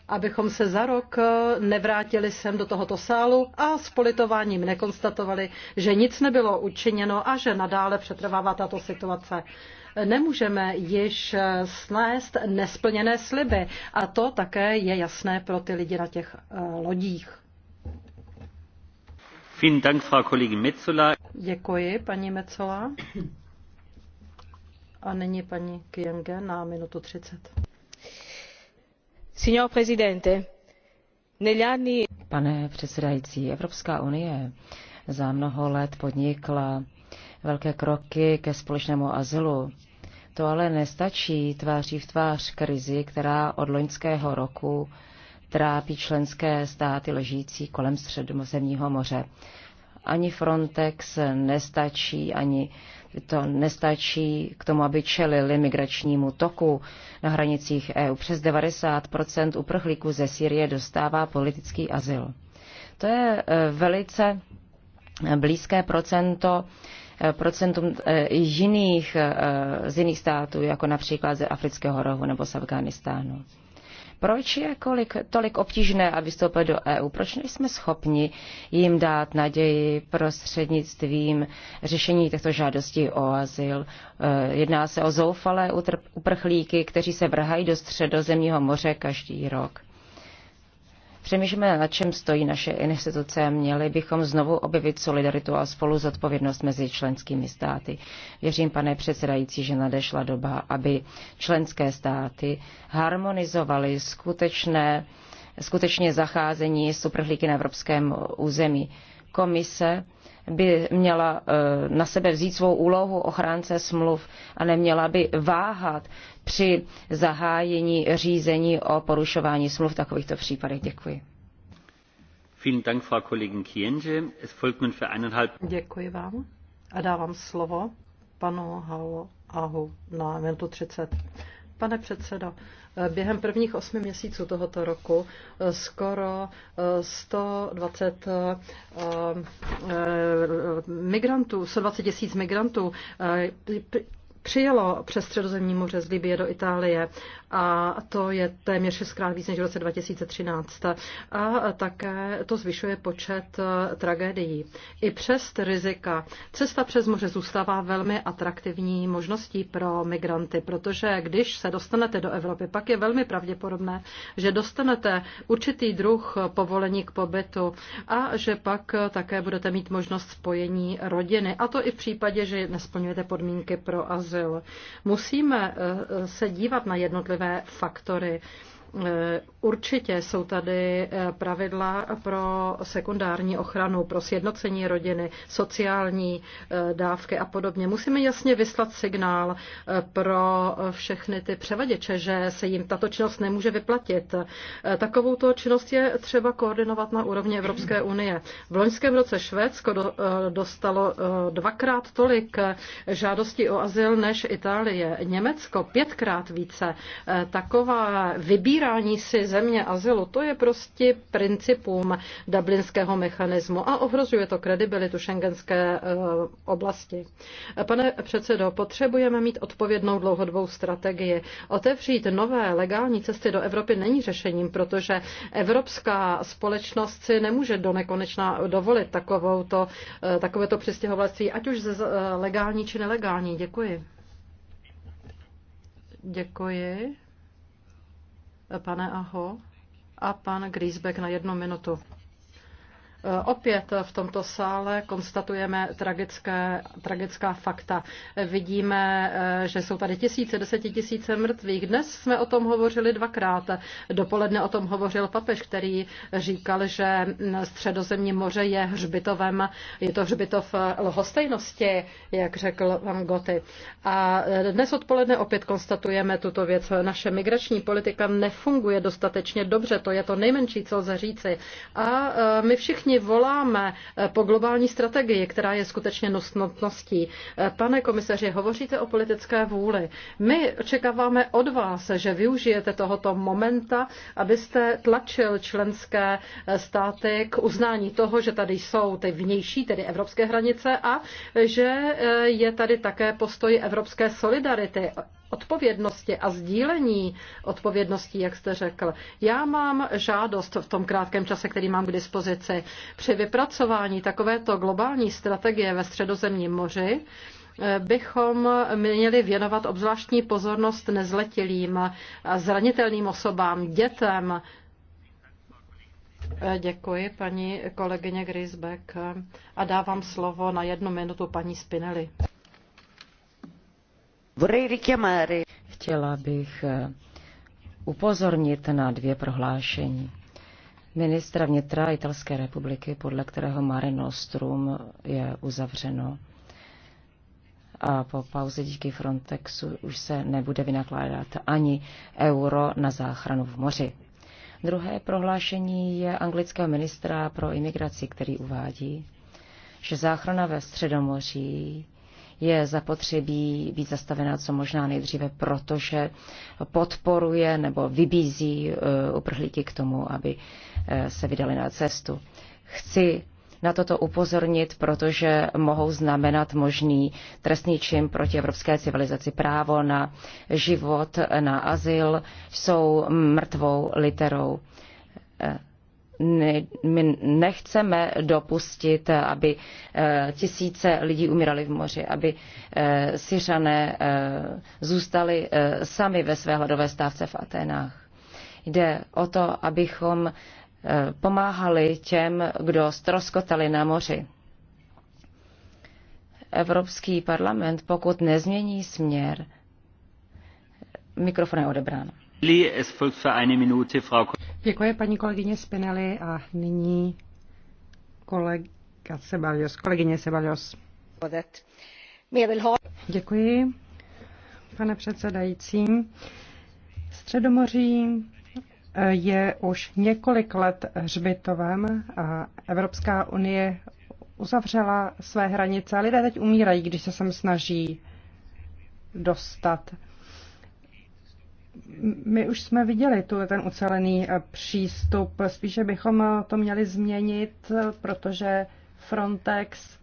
abychom se za rok eh, nevrátili sem do tohoto sálu a s politováním nekonstatovali, že nic nebylo učiněno a že nadále přetrvává tato situace. Nemůžeme již snést nesplněné sliby a to také je jasné pro ty lidi na těch eh, lodích. Děkuji, paní Metzola. A nyní paní Kienge na minutu 30. Signor Presidente, negli anni... Pane předsedající, Evropská unie za mnoho let podnikla velké kroky ke společnému azylu. To ale nestačí tváří v tvář krizi, která od loňského roku trápí členské státy ležící kolem středozemního moře. Ani Frontex nestačí, ani to nestačí k tomu, aby čelili migračnímu toku na hranicích EU. Přes 90 uprchlíků ze Sýrie dostává politický azyl. To je e, velice blízké procento procentům eh, jiných, eh, z jiných států, jako například ze Afrického rohu nebo z Afganistánu. Proč je kolik, tolik obtížné, aby vstoupili do EU? Proč nejsme schopni jim dát naději prostřednictvím řešení těchto žádostí o azyl? Eh, jedná se o zoufalé uprchlíky, kteří se vrhají do středozemního moře každý rok. Přemýšlíme, na čem stojí naše instituce. Měli bychom znovu objevit solidaritu a spolu zodpovědnost mezi členskými státy. Věřím, pane předsedající, že nadešla doba, aby členské státy harmonizovaly skutečné, skutečně zacházení s uprchlíky na evropském území. Komise by měla eh, na sebe vzít svou úlohu ochránce smluv a neměla by váhat při zahájení řízení o porušování smluv v takovýchto případech. Děkuji. Děkuji vám a dávám slovo panu Halo Ahu na minutu 30. Pane předsedo, Eh, během prvních osmi měsíců tohoto roku eh, skoro 120 eh, migrantů, 120 tisíc migrantů přijelo přes středozemní moře z Libie do Itálie a to je téměř šestkrát víc než v roce 2013. A také to zvyšuje počet eh, tragédií. I přes rizika cesta přes moře zůstává velmi atraktivní možností pro migranty, protože když se dostanete do Evropy, pak je velmi pravděpodobné, že dostanete určitý druh povolení k pobytu a že pak eh, také budete mít možnost spojení rodiny. A to i v případě, že nesplňujete podmínky pro azyl. Musíme eh, se dívat na jednotlivé jednotlivé faktory. Eh, určitě jsou tady eh, pravidla pro sekundární ochranu, pro sjednocení rodiny, sociální eh, dávky a podobně. Musíme jasně vyslat signál pro všechny ty převaděče, že se jim tato činnost nemůže vyplatit. Takovou to činnost je třeba koordinovat na úrovni Evropské unie. V loňském roce Švédsko dostalo dvakrát tolik žádostí o azyl než Itálie. Německo pětkrát více. Taková vybíra vybírání si země azylu, to je prostě principům dublinského mechanismu a ohrožuje to kredibilitu šengenské eh, oblasti. Pane předsedo, potřebujeme mít odpovědnou dlouhodobou strategii. Otevřít nové legální cesty do Evropy není řešením, protože evropská společnost si nemůže do nekonečna dovolit takovouto, eh, takovéto přistěhovalství, ať už ze eh, legální či nelegální. Děkuji. Děkuji pane Aho, a pan Griesbeck na jednu minutu. Opět v tomto sále konstatujeme tragické, tragická fakta. Vidíme, eh, že jsou tady tisíce, desetitisíce mrtvých. Dnes jsme o tom hovořili dvakrát. Dopoledne o tom hovořil papež, který říkal, že středozemní moře je hřbitovem, je to hřbitov eh, lhostejnosti, jak řekl Van Goty. A eh, dnes odpoledne opět konstatujeme tuto věc. Naše migrační politika nefunguje dostatečně dobře, to je to nejmenší, co lze říci. A my všichni všichni vlastně voláme eh, po globální strategii, která je skutečně nosnotností. Eh, Pane komisaři, hovoříte o politické vůli. My očekáváme od vás, že využijete tohoto momenta, abyste tlačil členské eh, státy k uznání toho, že tady jsou ty vnější, tedy evropské hranice a že je tady také postoj evropské solidarity odpovědnosti a sdílení odpovědností, jak jste řekl. Já mám žádost v tom krátkém čase, který mám k dispozici. Při vypracování takovéto globální strategie ve středozemním moři eh, bychom měli věnovat obzvláštní pozornost nezletilým, eh, zranitelným osobám, dětem. Eh, děkuji, paní kolegyně Grisbeck. A dávám slovo na jednu minutu paní Spinelli. Chtěla bych eh, upozornit na dvě prohlášení ministra vnitra Italské republiky, podle kterého Mare Nostrum je uzavřeno. A po pauze díky Frontexu už se nebude vynakládat ani euro na záchranu v moři. Druhé prohlášení je anglického ministra pro imigraci, který uvádí, že záchrana ve Středomoří je zapotřebí být zastavená co možná nejdříve, protože podporuje nebo vybízí eh, uprchlíky k tomu, aby eh, se vydali na cestu. Chci na toto upozornit, protože mohou znamenat možný trestný čin proti evropské civilizaci. Právo na život, na azyl jsou mrtvou literou. Eh, my nechceme dopustit, aby eh, tisíce lidí umírali v moři, aby eh, Syřané eh, zůstali sami ve své hladové stávce v Aténách. Jde o to, abychom pomáhali těm, kdo stroskotali na moři. Evropský parlament, pokud nezmění směr, mikrofon je odebrán. Děkuji paní kolegyně Spinelli a nyní kolega Sebalios, kolegyně Sebalios. Děkuji, pane předsedající. Středomoří eh, je už několik let hřbitovem a Evropská unie uzavřela své hranice a lidé teď umírají, když se sem snaží dostat my už jsme viděli tu, ten ucelený eh, přístup. Spíše bychom eh, to měli změnit, eh, protože Frontex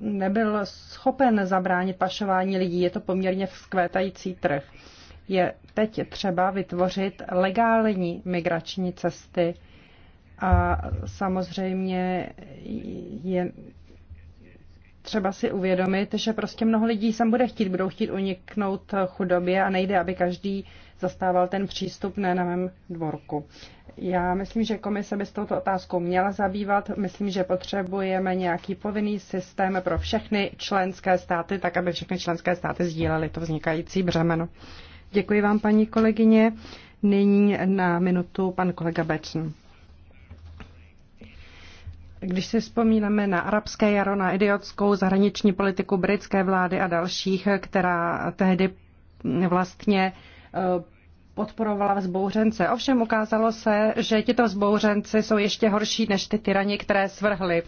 nebyl schopen zabránit pašování lidí. Je to poměrně vzkvétající trh. Je teď třeba vytvořit legální migrační cesty a samozřejmě je třeba si uvědomit, že prostě mnoho lidí sem bude chtít, budou chtít uniknout chudobě a nejde, aby každý zastával ten přístup ne na mém dvorku. Já myslím, že komise by s touto otázkou měla zabývat. Myslím, že potřebujeme nějaký povinný systém pro všechny členské státy, tak aby všechny členské státy sdílely to vznikající břemeno. Děkuji vám, paní kolegyně. Nyní na minutu pan kolega Bečn. Když si vzpomínáme na arabské jaro, na idiotskou zahraniční politiku britské vlády a dalších, která tehdy vlastně e, podporovala vzbouřence. Ovšem ukázalo se, že tito vzbouřenci jsou ještě horší než ty tyrani, které svrhly.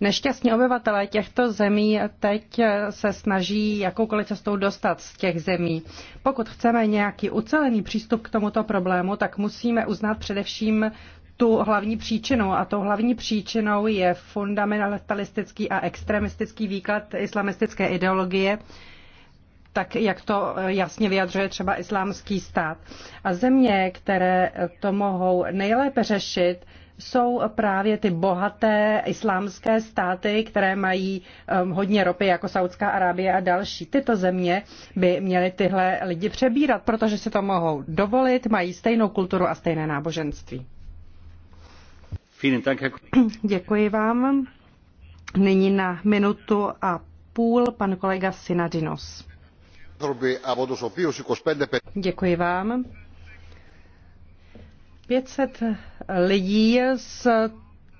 Nešťastní obyvatelé těchto zemí teď se snaží jakoukoliv cestou dostat z těch zemí. Pokud chceme nějaký ucelený přístup k tomuto problému, tak musíme uznat především tu hlavní příčinou. A tou hlavní příčinou je fundamentalistický a extremistický výklad islamistické ideologie, tak jak to eh, jasně vyjadřuje třeba islámský stát. A země, které to mohou nejlépe řešit, jsou právě ty bohaté islámské státy, které mají eh, hodně ropy, jako Saudská Arábie a další. Tyto země by měly tyhle lidi přebírat, protože si to mohou dovolit, mají stejnou kulturu a stejné náboženství. Děkuji vám. Nyní na minutu a půl pan kolega Sinadinos. Děkuji vám. 500 lidí z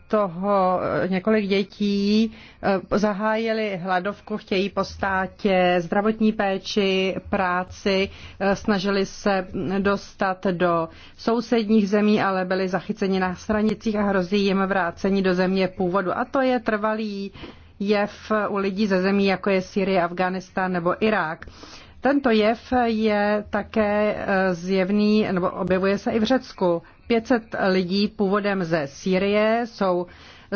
toho eh, několik dětí eh, zahájili hladovku, chtějí po státě zdravotní péči, práci, eh, snažili se dostat do sousedních zemí, ale byli zachyceni na hranicích a hrozí jim vrácení do země původu. A to je trvalý jev u lidí ze zemí, jako je Syrie, Afganistán nebo Irák. Tento jev je také zjevný, nebo objevuje se i v Řecku. 500 lidí původem ze Sýrie jsou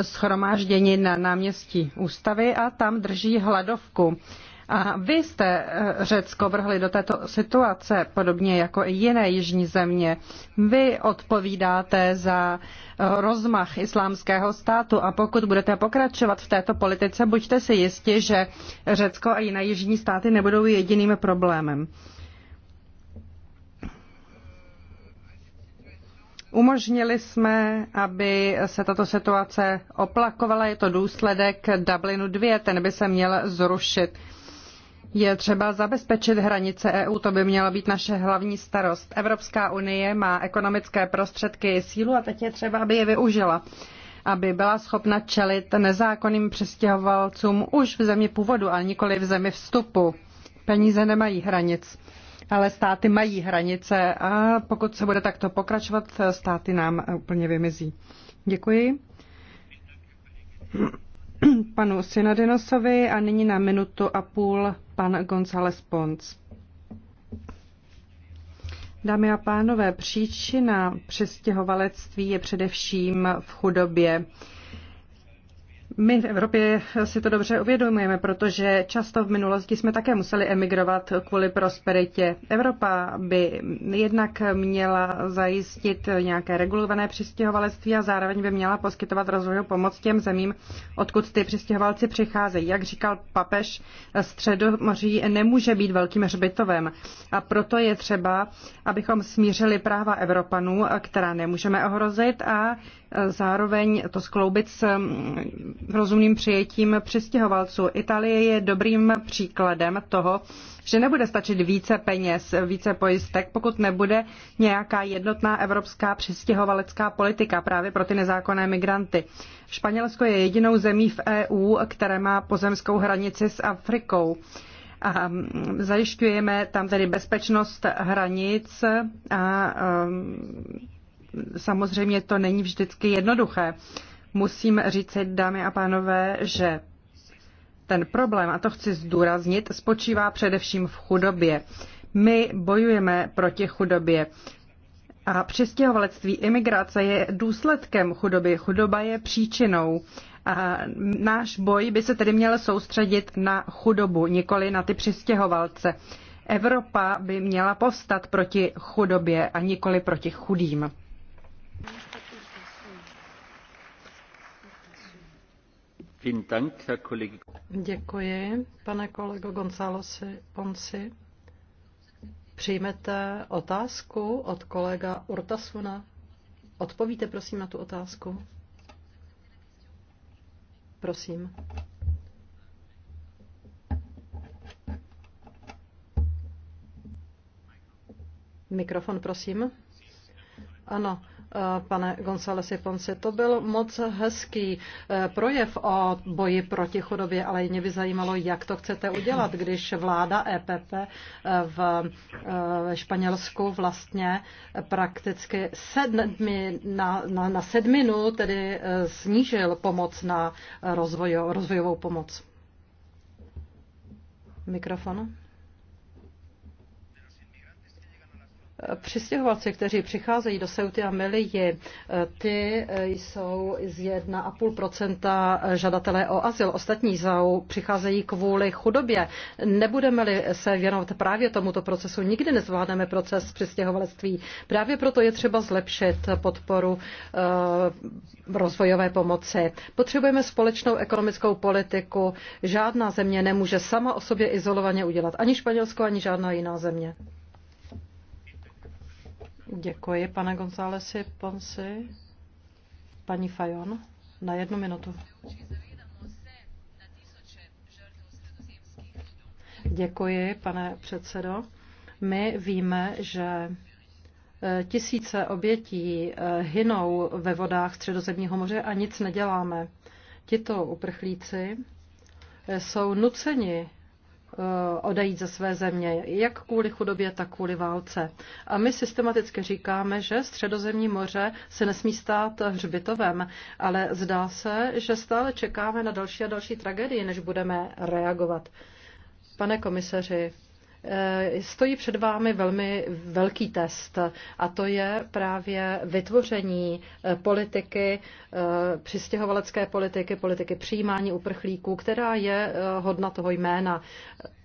schromážděni na náměstí ústavy a tam drží hladovku. A vy jste eh, Řecko vrhli do této situace, podobně jako i jiné jižní země. Vy odpovídáte za eh, rozmach islámského státu a pokud budete pokračovat v této politice, buďte si jisti, že Řecko a jiné jižní státy nebudou jediným problémem. Umožnili jsme, aby se tato situace oplakovala. Je to důsledek Dublinu 2, ten by se měl zrušit. Je třeba zabezpečit hranice EU, to by měla být naše hlavní starost. Evropská unie má ekonomické prostředky, sílu a teď je třeba, aby je využila aby byla schopna čelit nezákonným přistěhovalcům už v zemi původu, ale nikoli v zemi vstupu. Peníze nemají hranic ale státy mají hranice a pokud se bude takto pokračovat, státy nám úplně vymizí. Děkuji panu Synodinosovi a nyní na minutu a půl pan González Pons. Dámy a pánové, příčina přestěhovalectví je především v chudobě. My v Evropě si to dobře uvědomujeme, protože často v minulosti jsme také museli emigrovat kvůli prosperitě. Evropa by jednak měla zajistit nějaké regulované přistěhovalectví a zároveň by měla poskytovat rozvojovou pomoc těm zemím, odkud ty přistěhovalci přicházejí. Jak říkal papež, středomoří nemůže být velkým hřbitovem a proto je třeba, abychom smířili práva Evropanů, která nemůžeme ohrozit a zároveň to skloubit s mm, rozumným přijetím přistěhovalců. Itálie je dobrým příkladem toho, že nebude stačit více peněz, více pojistek, pokud nebude nějaká jednotná evropská přistěhovalecká politika právě pro ty nezákonné migranty. Španělsko je jedinou zemí v EU, která má pozemskou hranici s Afrikou. A mm, zajišťujeme tam tedy bezpečnost hranic a um, samozřejmě to není vždycky jednoduché. Musím říct, dámy a pánové, že ten problém, a to chci zdůraznit, spočívá především v chudobě. My bojujeme proti chudobě. A přistěhovalectví imigrace je důsledkem chudoby. Chudoba je příčinou. A náš boj by se tedy měl soustředit na chudobu, nikoli na ty přistěhovalce. Evropa by měla povstat proti chudobě a nikoli proti chudým. Děkuji, pane kolego Gonzálesi Ponsi. Přijmete otázku od kolega Urtasuna? Odpovíte prosím na tu otázku. Prosím. Mikrofon, prosím. Ano, Eh, pane González Ponce. To byl moc hezký eh, projev o boji proti chudobě, ale mě by zajímalo, jak to chcete udělat, když vláda EPP eh, v Španělsku vlastně prakticky sedmi, na, na, na sedminu tedy snížil pomoc na rozvojo, rozvojovou pomoc. Mikrofon. Přistěhovalci, kteří přicházejí do Seuty a Melii, ty jsou z 1,5 žadatelé o azyl. Ostatní zau přicházejí kvůli chudobě. Nebudeme-li se věnovat právě tomuto procesu, nikdy nezvládneme proces přistěhovalectví. Právě proto je třeba zlepšit podporu eh, rozvojové pomoci. Potřebujeme společnou ekonomickou politiku. Žádná země nemůže sama o sobě izolovaně udělat. Ani Španělsko, ani žádná jiná země. Děkuji, pane Gonzálesi Ponsi. Paní Fajon, na jednu minutu. Děkuji, pane předsedo. My víme, že e, tisíce obětí e, hynou ve vodách Středozemního moře a nic neděláme. Tito uprchlíci e, jsou nuceni Eh, odejít ze své země, jak kvůli chudobě, tak kvůli válce. A my systematicky říkáme, že středozemní moře se nesmí stát hřbitovem, ale zdá se, že stále čekáme na další a další tragédii, než budeme reagovat. Pane komisaři, Eh, stojí před vámi velmi velký test a to je právě vytvoření eh, politiky, eh, přistěhovalecké politiky, politiky přijímání uprchlíků, která je hodna toho jména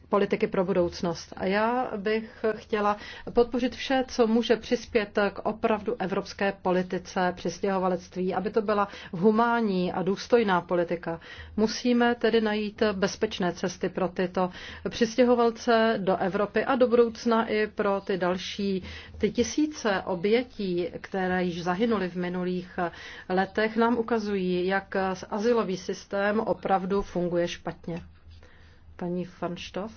politiky pro budoucnost. A já bych chtěla podpořit vše, co může přispět k opravdu evropské politice přistěhovalectví, aby to byla humánní a důstojná politika. Musíme tedy najít bezpečné cesty pro tyto přistěhovalce do Evropy a do budoucna i pro ty další, ty tisíce obětí, které již zahynuly v minulých letech, nám ukazují, jak asilový systém opravdu funguje špatně. Paní van Stoff.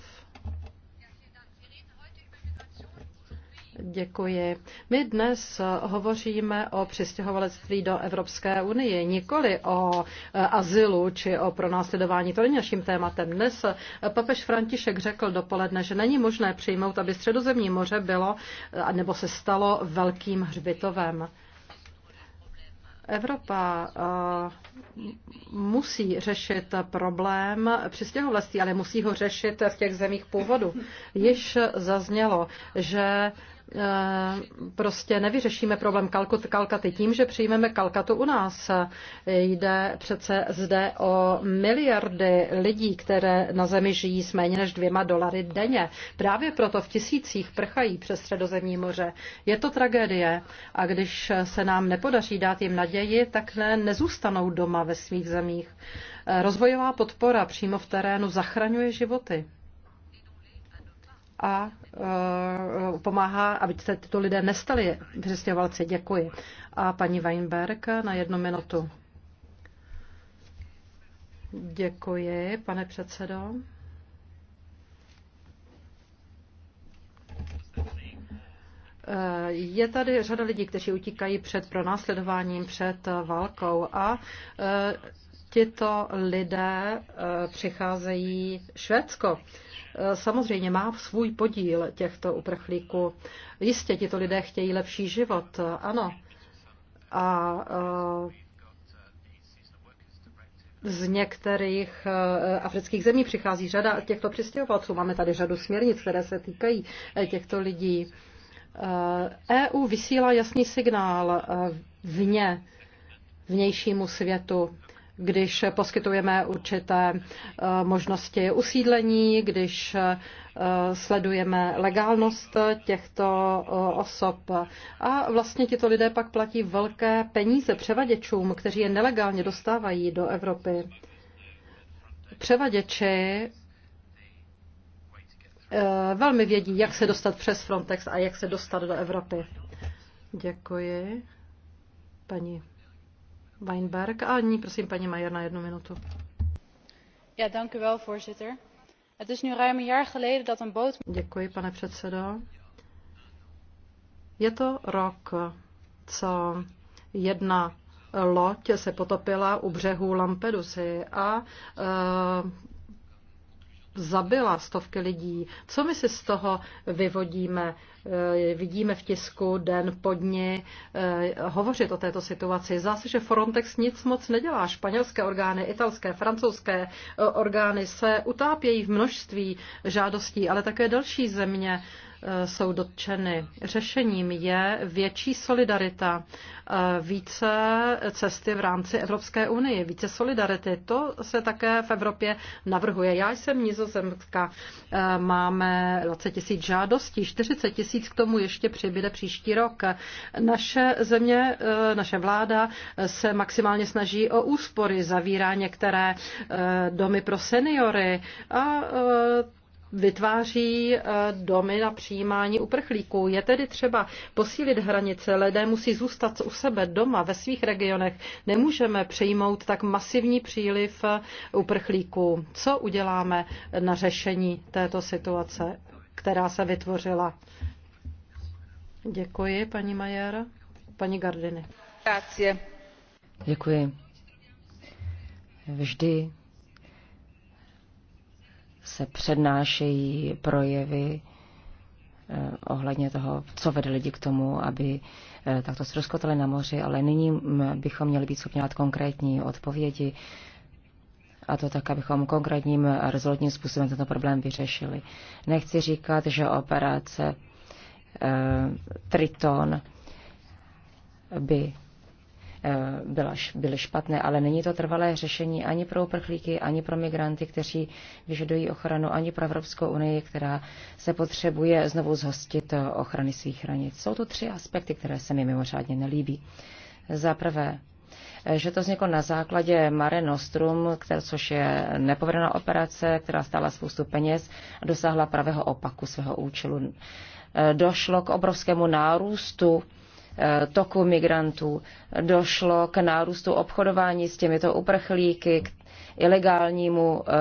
Děkuji. My dnes hovoříme o přistěhovalectví do Evropské unie, nikoli o e, azylu či o pronásledování. To není naším tématem. Dnes papež František řekl dopoledne, že není možné přijmout, aby středozemní moře bylo e, nebo se stalo velkým hřbitovem. Evropa eh, musí řešit problém přistěhovalství, ale musí ho řešit v těch zemích původu. Již zaznělo, že Eh, prostě nevyřešíme problém Kalkut, Kalkaty tím, že přijmeme Kalkatu u nás. Jde přece zde o miliardy lidí, které na zemi žijí s méně než dvěma dolary denně. Právě proto v tisících prchají přes středozemní moře. Je to tragédie a když se nám nepodaří dát jim naději, tak ne, nezůstanou doma ve svých zemích. Eh, rozvojová podpora přímo v terénu zachraňuje životy a pomáhá, aby se tyto lidé nestali přestěhovalci. Děkuji. A paní Weinberg na jednu minutu. Děkuji, pane předsedo. Je tady řada lidí, kteří utíkají před pronásledováním, před válkou a e, tito lidé e, přicházejí Švédsko Eh, samozřejmě má svůj podíl těchto uprchlíků. Jistě tito lidé chtějí lepší život, eh, ano. A eh, z některých afrických zemí přichází řada těchto přistěhovalců. Máme tady řadu směrnic, které se týkají těchto lidí. EU e vysílá jasný signál vně, vnějšímu světu když poskytujeme určité eh, možnosti usídlení, když eh, sledujeme legálnost těchto eh, osob. A vlastně tito lidé pak platí velké peníze převaděčům, kteří je nelegálně dostávají do Evropy. Převaděči velmi vědí, jak se dostat přes Frontex a jak se dostat do Evropy. Děkuji. Paní Weinberg. A nyní prosím paní Majer na jednu minutu. Ja, dank u wel, voorzitter. Het is nu ruim een jaar geleden dat een boot... Děkuji, pane předsedo. Je to rok, co jedna loď se potopila u břehu Lampedusy a eh, zabila stovky lidí. Co my si z toho vyvodíme? Eh, vidíme v tisku den po dni eh, hovořit o této situaci. Zase, že Frontex nic moc nedělá. Španělské orgány, italské, francouzské eh, orgány se utápějí v množství žádostí, ale také další země Eh, jsou dotčeny. Řešením je větší solidarita, eh, více cesty v rámci Evropské unie, více solidarity. To se také v Evropě navrhuje. Já jsem nizozemská, eh, máme 20 tisíc žádostí, 40 tisíc k tomu ještě přibude příští rok. Naše země, naše vláda se maximálně snaží o úspory, zavírá některé domy pro seniory a vytváří eh, domy na přijímání uprchlíků. Je tedy třeba posílit hranice. Lidé musí zůstat u sebe doma ve svých regionech. Nemůžeme přijmout tak masivní příliv eh, uprchlíků. Co uděláme na řešení této situace, která se vytvořila? Děkuji, paní Majer. Paní Gardiny. Děkuji. Vždy se přednášejí projevy eh, ohledně toho, co vede lidi k tomu, aby eh, takto ztroskotali na moři, ale nyní mm, bychom měli být schopni dát konkrétní odpovědi a to tak, abychom konkrétním a rezolutním způsobem tento problém vyřešili. Nechci říkat, že operace e, Triton by Eh, byla, byly špatné, ale není to trvalé řešení ani pro uprchlíky, ani pro migranty, kteří vyžadují ochranu, ani pro Evropskou unii, která se potřebuje znovu zhostit eh, ochrany svých hranic. Jsou to tři aspekty, které se mi mimořádně nelíbí. Za prvé, eh, že to vzniklo na základě Mare Nostrum, která, což je nepovedená operace, která stála spoustu peněz a dosáhla pravého opaku svého účelu. Došlo k obrovskému nárůstu Eh, toku migrantů. Došlo k nárůstu obchodování s těmito uprchlíky, k ilegálnímu eh,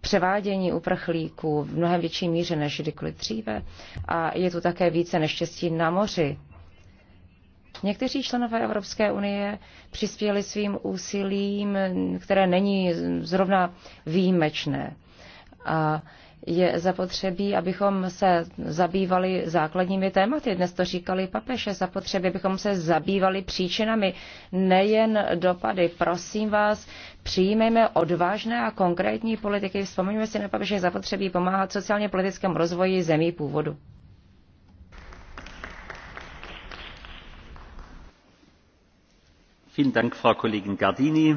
převádění uprchlíků v mnohem větší míře než kdykoliv dříve a je tu také více neštěstí na moři. Někteří členové Evropské unie přispěli svým úsilím, které není zrovna výjimečné. A je zapotřebí, abychom se zabývali základními tématy. Dnes to říkali papeže, zapotřebí, abychom se zabývali příčinami, nejen dopady. Prosím vás, přijmeme odvážné a konkrétní politiky. Vzpomeňme si na papeže, zapotřebí pomáhat sociálně politickému rozvoji zemí původu. Vielen Dank, Frau Kollegin Gardini.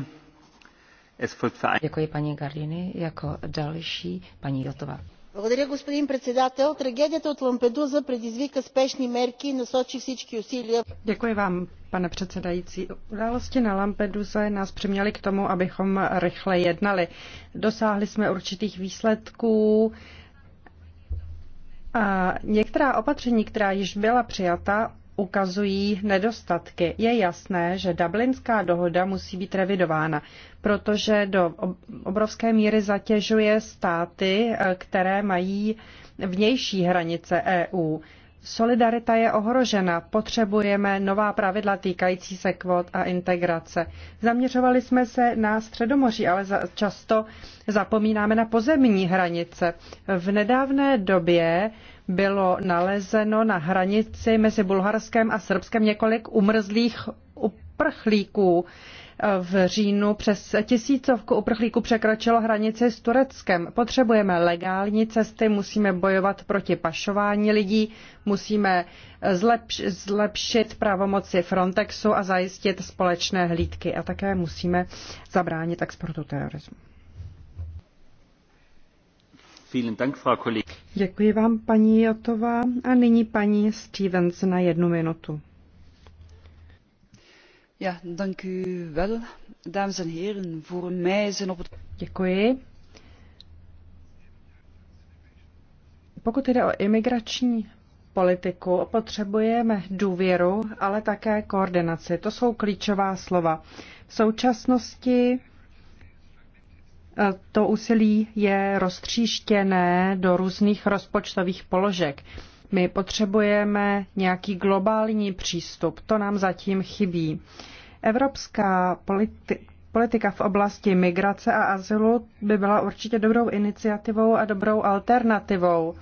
Děkuji paní Gardini. Jako další paní Jotová. Благодаря, господин председател. Трагедията от Лампедуза предизвика спешни мерки и насочи всички усилия. Děkuji vám, pane předsedající. Události na Лампедуза nás přiměly k tomu, abychom rychle jednali. Dosáhli jsme určitých výsledků. A některá opatření, která již byla přijata, ukazují nedostatky. Je jasné, že Dublinská dohoda musí být revidována, protože do obrovské míry zatěžuje státy, eh, které mají vnější hranice EU. Solidarita je ohrožena, potřebujeme nová pravidla týkající se kvot a integrace. Zaměřovali jsme se na Středomoří, ale za, často zapomínáme na pozemní hranice. V nedávné době bylo nalezeno na hranici mezi Bulharskem a Srbskem několik umrzlých uprchlíků. V říjnu přes tisícovku uprchlíků překročilo hranici s Tureckem. Potřebujeme legální cesty, musíme bojovat proti pašování lidí, musíme zlepš- zlepšit pravomoci Frontexu a zajistit společné hlídky a také musíme zabránit exportu terorismu. Děkuji vám, paní Jotová. A nyní paní Stevens na jednu minutu. Ja, dank u wel, dames en heren. Voor mij zijn op het... Děkuji. Pokud jde o imigrační politiku, potřebujeme důvěru, ale také koordinaci. To jsou klíčová slova. V současnosti to úsilí je roztříštěné do různých rozpočtových položek. My potřebujeme nějaký globální přístup, to nám zatím chybí. Evropská politi- politika v oblasti migrace a azylu by byla určitě dobrou iniciativou a dobrou alternativou,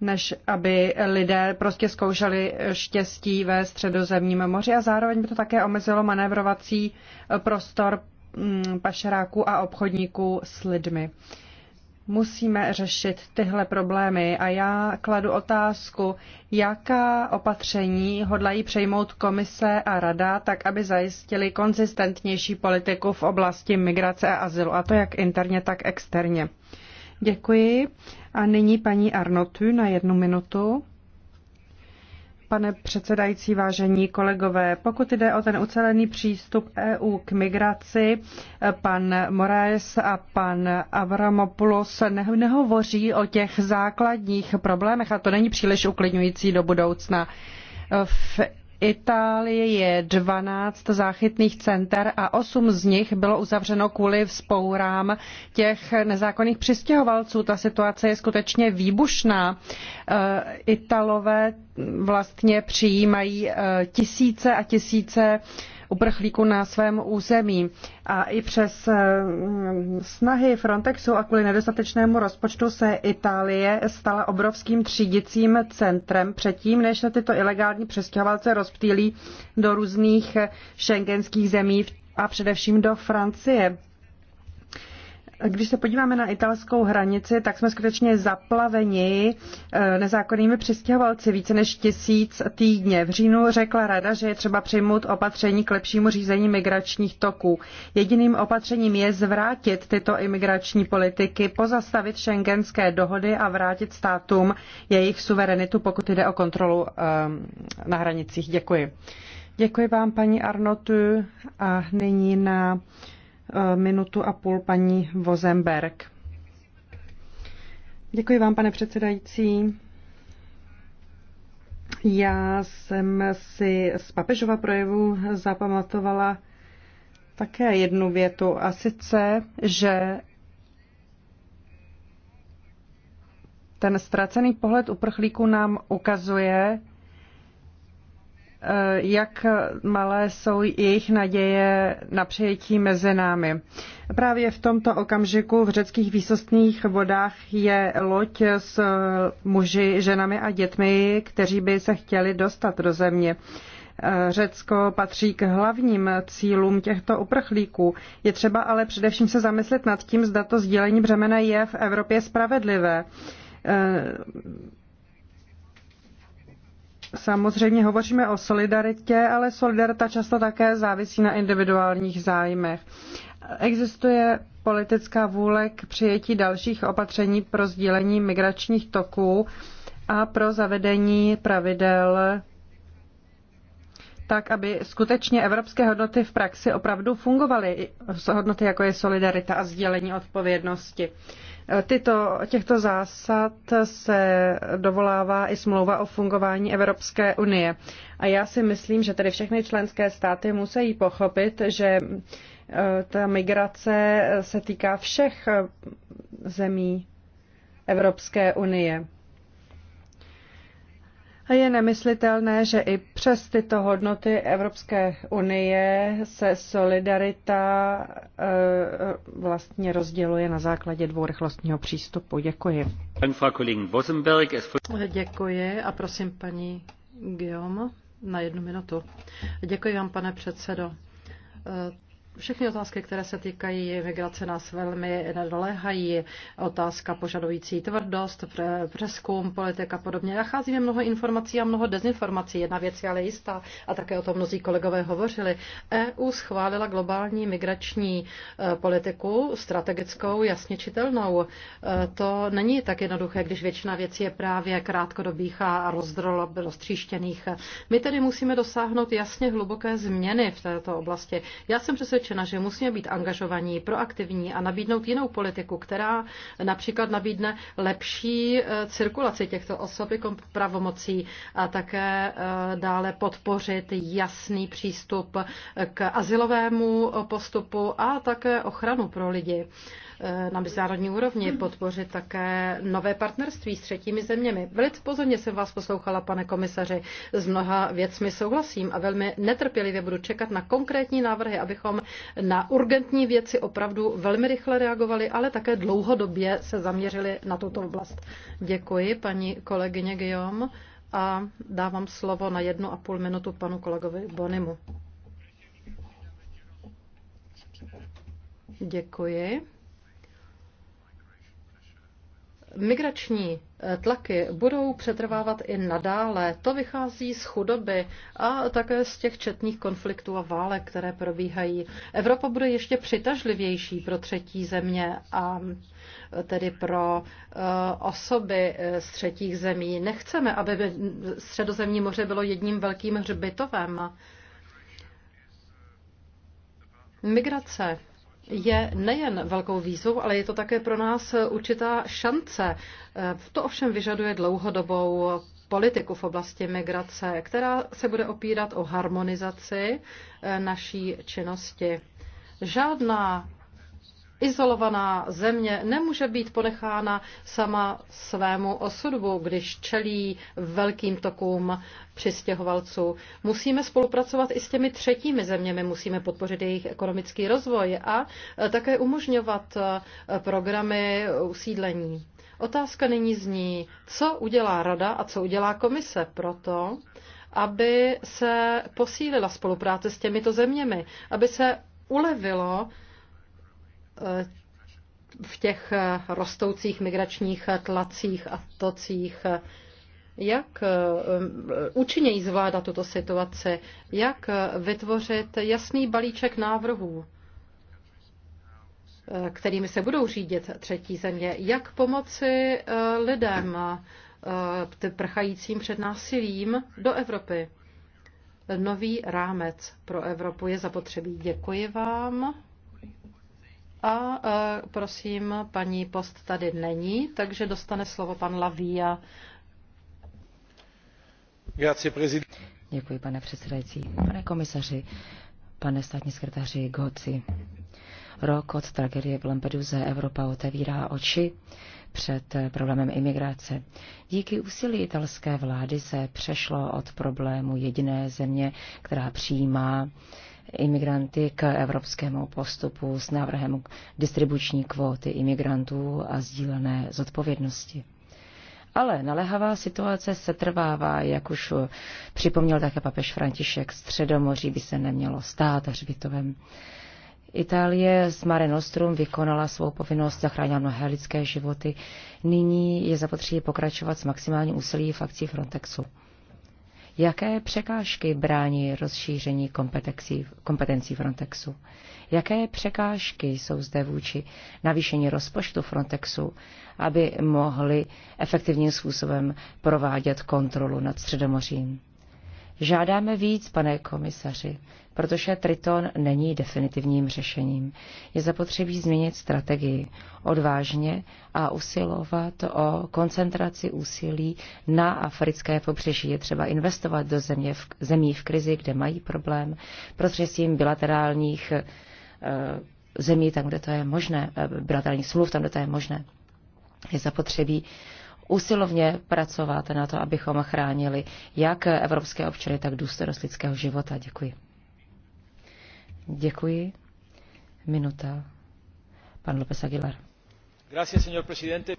než aby lidé prostě zkoušeli štěstí ve středozemním moři a zároveň by to také omezilo manévrovací prostor Mm, pašeráků a obchodníků s lidmi. Musíme řešit tyhle problémy a já kladu otázku, jaká opatření hodlají přejmout komise a rada, tak aby zajistili konzistentnější politiku v oblasti migrace a azylu, a to jak interně, tak externě. Děkuji. A nyní paní Arnotu na jednu minutu pane předsedající, vážení kolegové. Pokud jde o ten ucelený přístup EU k migraci, pan Moraes a pan Avramopoulos nehovoří o těch základních problémech a to není příliš uklidňující do budoucna. V Itálie je 12 záchytných center a 8 z nich bylo uzavřeno kvůli vzpourám těch nezákonných přistěhovalců. Ta situace je skutečně výbušná. Eh, Italové vlastně přijímají eh, tisíce a tisíce uprchlíků na svém území. A i přes eh, snahy Frontexu a kvůli nedostatečnému rozpočtu se Itálie stala obrovským třídicím centrem předtím, než se tyto ilegální přestěhovalce rozptýlí do různých šengenských eh, zemí a především do Francie. Když se podíváme na italskou hranici, tak jsme skutečně zaplaveni eh, nezákonnými přistěhovalci více než tisíc týdně. V říjnu řekla rada, že je třeba přijmout opatření k lepšímu řízení migračních toků. Jediným opatřením je zvrátit tyto imigrační politiky, pozastavit šengenské dohody a vrátit státům jejich suverenitu, pokud jde o kontrolu eh, na hranicích. Děkuji. Děkuji vám, paní Arnotu. A nyní na Eh, minutu a půl paní Vozemberg. Děkuji vám, pane předsedající. Já jsem si z papežova projevu zapamatovala také jednu větu, a sice, že ten ztracený pohled uprchlíků nám ukazuje, Eh, jak malé jsou jejich naděje na přijetí mezi námi. Právě v tomto okamžiku v řeckých výsostných vodách je loď s muži, ženami a dětmi, kteří by se chtěli dostat do země. Eh, Řecko patří k hlavním cílům těchto uprchlíků. Je třeba ale především se zamyslet nad tím, zda to sdílení břemene je v Evropě spravedlivé eh, Samozřejmě hovoříme o solidaritě, ale solidarita často také závisí na individuálních zájmech. Existuje politická vůle k přijetí dalších opatření pro sdílení migračních toků a pro zavedení pravidel tak, aby skutečně evropské hodnoty v praxi opravdu fungovaly, hodnoty jako je solidarita a sdělení odpovědnosti. Tyto, těchto zásad se dovolává i smlouva o fungování Evropské unie. A já si myslím, že tedy všechny členské státy musí pochopit, že e, ta migrace se týká všech e, zemí Evropské unie. A je nemyslitelné, že i přes tyto hodnoty Evropské unie se solidarita eh, vlastně rozděluje na základě dvourychlostního přístupu. Děkuji. Děkuji a prosím paní Guillaume na jednu minutu. Děkuji vám, pane předsedo. Eh, všechny otázky, které se týkají migrace, nás velmi nedoléhají. Otázka požadující tvrdost, přeskum, politika a podobně. Nacházíme mnoho informací a mnoho dezinformací. Jedna věc je ale jistá, a také o tom mnozí kolegové hovořili. EU schválila globální migrační e, politiku, strategickou, jasně čitelnou. E, to není tak jednoduché, když většina věcí je právě krátkodobých a roztříštěných. My tedy musíme dosáhnout jasně hluboké změny v této oblasti. Já jsem přesvědčen, přesvědčena, že musíme být angažovaní, proaktivní a nabídnout jinou politiku, která například nabídne lepší eh, cirkulaci těchto osob i jako pravomocí a také eh, dále podpořit jasný přístup eh, k asilovému postupu a také ochranu pro lidi. Eh, na mezinárodní úrovni, podpořit také nové partnerství s třetími zeměmi. Velice pozorně jsem vás poslouchala, pane komisaři, s mnoha věcmi souhlasím a velmi netrpělivě budu čekat na konkrétní návrhy, abychom na urgentní věci opravdu velmi rychle reagovali, ale také dlouhodobě se zaměřili na tuto oblast. Děkuji, paní kolegyně Guillaume a dávám slovo na jednu a půl minutu panu kolegovi Bonimu. Děkuji migrační eh, tlaky budou přetrvávat i nadále. To vychází z chudoby a také z těch četných konfliktů a válek, které probíhají. Evropa bude ještě přitažlivější pro třetí země a eh, tedy pro eh, osoby z třetích zemí. Nechceme, aby středozemní moře bylo jedním velkým hřbitovem. Migrace je nejen velkou výzvou, ale je to také pro nás určitá šance. To ovšem vyžaduje dlouhodobou politiku v oblasti migrace, která se bude opírat o harmonizaci naší činnosti. Žádná izolovaná země nemůže být ponechána sama svému osudu, když čelí velkým tokům přistěhovalců. Musíme spolupracovat i s těmi třetími zeměmi, musíme podpořit jejich ekonomický rozvoj a e, také umožňovat e, programy usídlení. Otázka nyní zní, co udělá Rada a co udělá komise pro to, aby se posílila spolupráce s těmito zeměmi, aby se ulevilo Eh, v těch eh, rostoucích migračních tlacích a tocích, jak eh, účinněji zvládat tuto situaci, jak vytvořit jasný balíček návrhů, kterými se budou řídit třetí země, jak pomoci lidem prchajícím před násilím do Evropy. Nový rámec pro Evropu je zapotřebí. Děkuji vám. A e, prosím, paní Post tady není, takže dostane slovo pan Lavia. Děkuji, pane předsedající. Pane komisaři, pane státní sekretáři Goci. Rok od tragédie v Lampeduze Evropa otevírá oči před problémem imigrace. Díky úsilí italské vlády se přešlo od problému jediné země, která přijímá imigranty k evropskému postupu s návrhem distribuční kvóty imigrantů a sdílené zodpovědnosti. Ale naléhavá situace se trvává, jak už připomněl také papež František, středomoří by se nemělo stát hřbitovem. Itálie s Mare Nostrum vykonala svou povinnost, zachránila mnohé lidské životy. Nyní je zapotřebí pokračovat s maximálním úsilí v Frontexu. Jaké překážky brání rozšíření kompetencí, kompetencí Frontexu? Jaké překážky jsou zde vůči navýšení rozpočtu Frontexu, aby mohli efektivním způsobem provádět kontrolu nad Středomořím? Žádáme víc, pane komisaři, protože Triton není definitivním řešením. Je zapotřebí změnit strategii odvážně a usilovat o koncentraci úsilí na africké pobřeží. Je třeba investovat do země v, zemí v krizi, kde mají problém, prostřednictvím bilaterálních e, zemí, tam, kde to je možné, eh, bilaterálních smluv, tam, kde to je možné. Je zapotřebí usilovně pracovat na to, abychom chránili jak evropské občany, tak důstojnost lidského života. Děkuji. Děkuji. Minuta. Pan López Aguilar.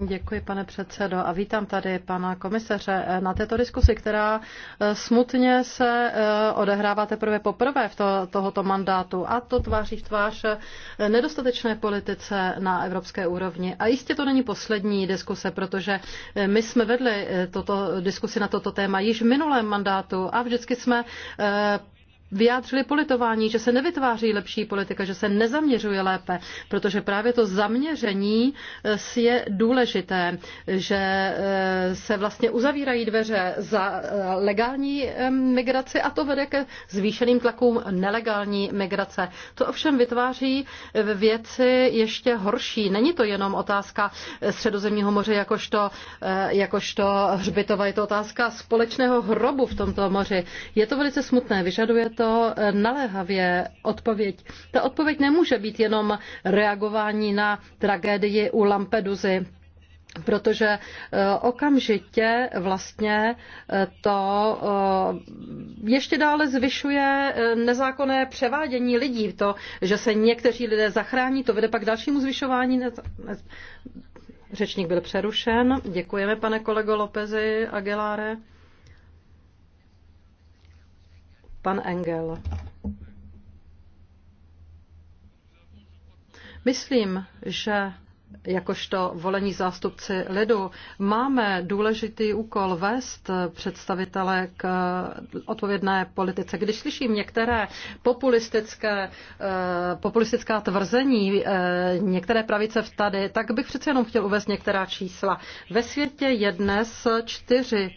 Děkuji, pane předsedo, a vítám tady pana komisaře na této diskusi, která eh, smutně se eh, odehrává teprve poprvé v to, tohoto mandátu a to tváří v tvář eh, nedostatečné politice na evropské úrovni. A jistě to není poslední diskuse, protože my jsme vedli toto diskusi na toto téma již v minulém mandátu a vždycky jsme vyjádřili politování, že se nevytváří lepší politika, že se nezaměřuje lépe, protože právě to zaměření eh, je důležité, že eh, se vlastně uzavírají dveře za eh, legální migraci a to vede ke zvýšeným tlakům nelegální migrace. To ovšem vytváří věci ještě horší. Není to jenom otázka středozemního moře jakožto, jakožto hřbitova, je to otázka společného hrobu v tomto moři. Je to velice smutné, vyžaduje to eh, naléhavě odpověď. Ta odpověď nemůže být jenom reagování na tragédii u Lampeduzy protože eh, okamžitě vlastně eh, to ještě dále zvyšuje nezákonné převádění lidí. To, že se někteří lidé zachrání, to vede pak k dalšímu zvyšování. Řečník byl přerušen. Děkujeme, pane kolego Lopezi Aguiláre. Pan Engel. Myslím, že jakožto volení zástupci lidu máme důležitý úkol vést představitele k odpovědné politice. Když slyším některé populistické, eh, populistická tvrzení, eh, některé pravice v tady, tak bych přece jenom chtěl uvést některá čísla. Ve světě je dnes 4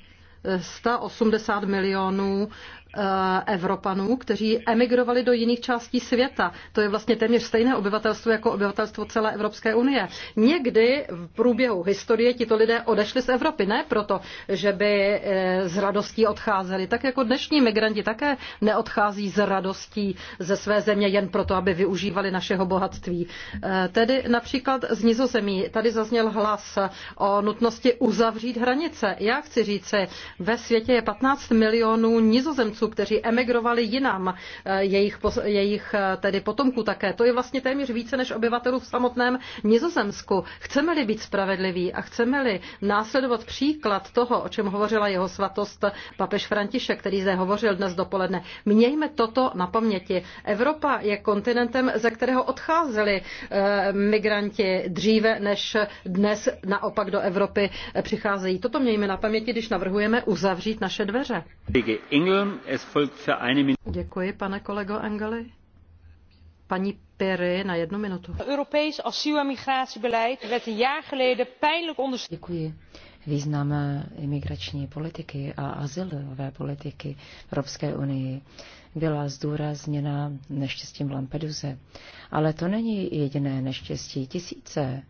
180 milionů Eh, Evropanů, kteří emigrovali do jiných částí světa. To je vlastně téměř stejné obyvatelstvo jako obyvatelstvo celé Evropské unie. Někdy v průběhu historie tito lidé odešli z Evropy, ne proto, že by eh, z radostí odcházeli. Tak jako dnešní migranti také neodchází z radostí ze své země jen proto, aby využívali našeho bohatství. Eh, tedy například z Nizozemí tady zazněl hlas o nutnosti uzavřít hranice. Já chci říci, ve světě je 15 milionů nizozemců Němců, kteří emigrovali jinam, eh, jejich, jejich eh, tedy potomků také. To je vlastně téměř více než obyvatelů v samotném Nizozemsku. Chceme-li být spravedliví a chceme-li následovat příklad toho, o čem hovořila jeho svatost papež František, který zde hovořil dnes dopoledne, mějme toto na paměti. Evropa je kontinentem, ze kterého odcházeli eh, migranti dříve než dnes naopak do Evropy přicházejí. Toto mějme na paměti, když navrhujeme uzavřít naše dveře. Děkuji, pane kolego Angeli. Paní Perry na jednu minutu. Europees asiel- en migratiebeleid werd een jaar geleden pijnlijk onder... Děkuji. Význam eh, imigrační politiky a azylové politiky Evropské unii byla zdůrazněna neštěstím v Lampeduze. Ale to není jediné neštěstí. Tisíce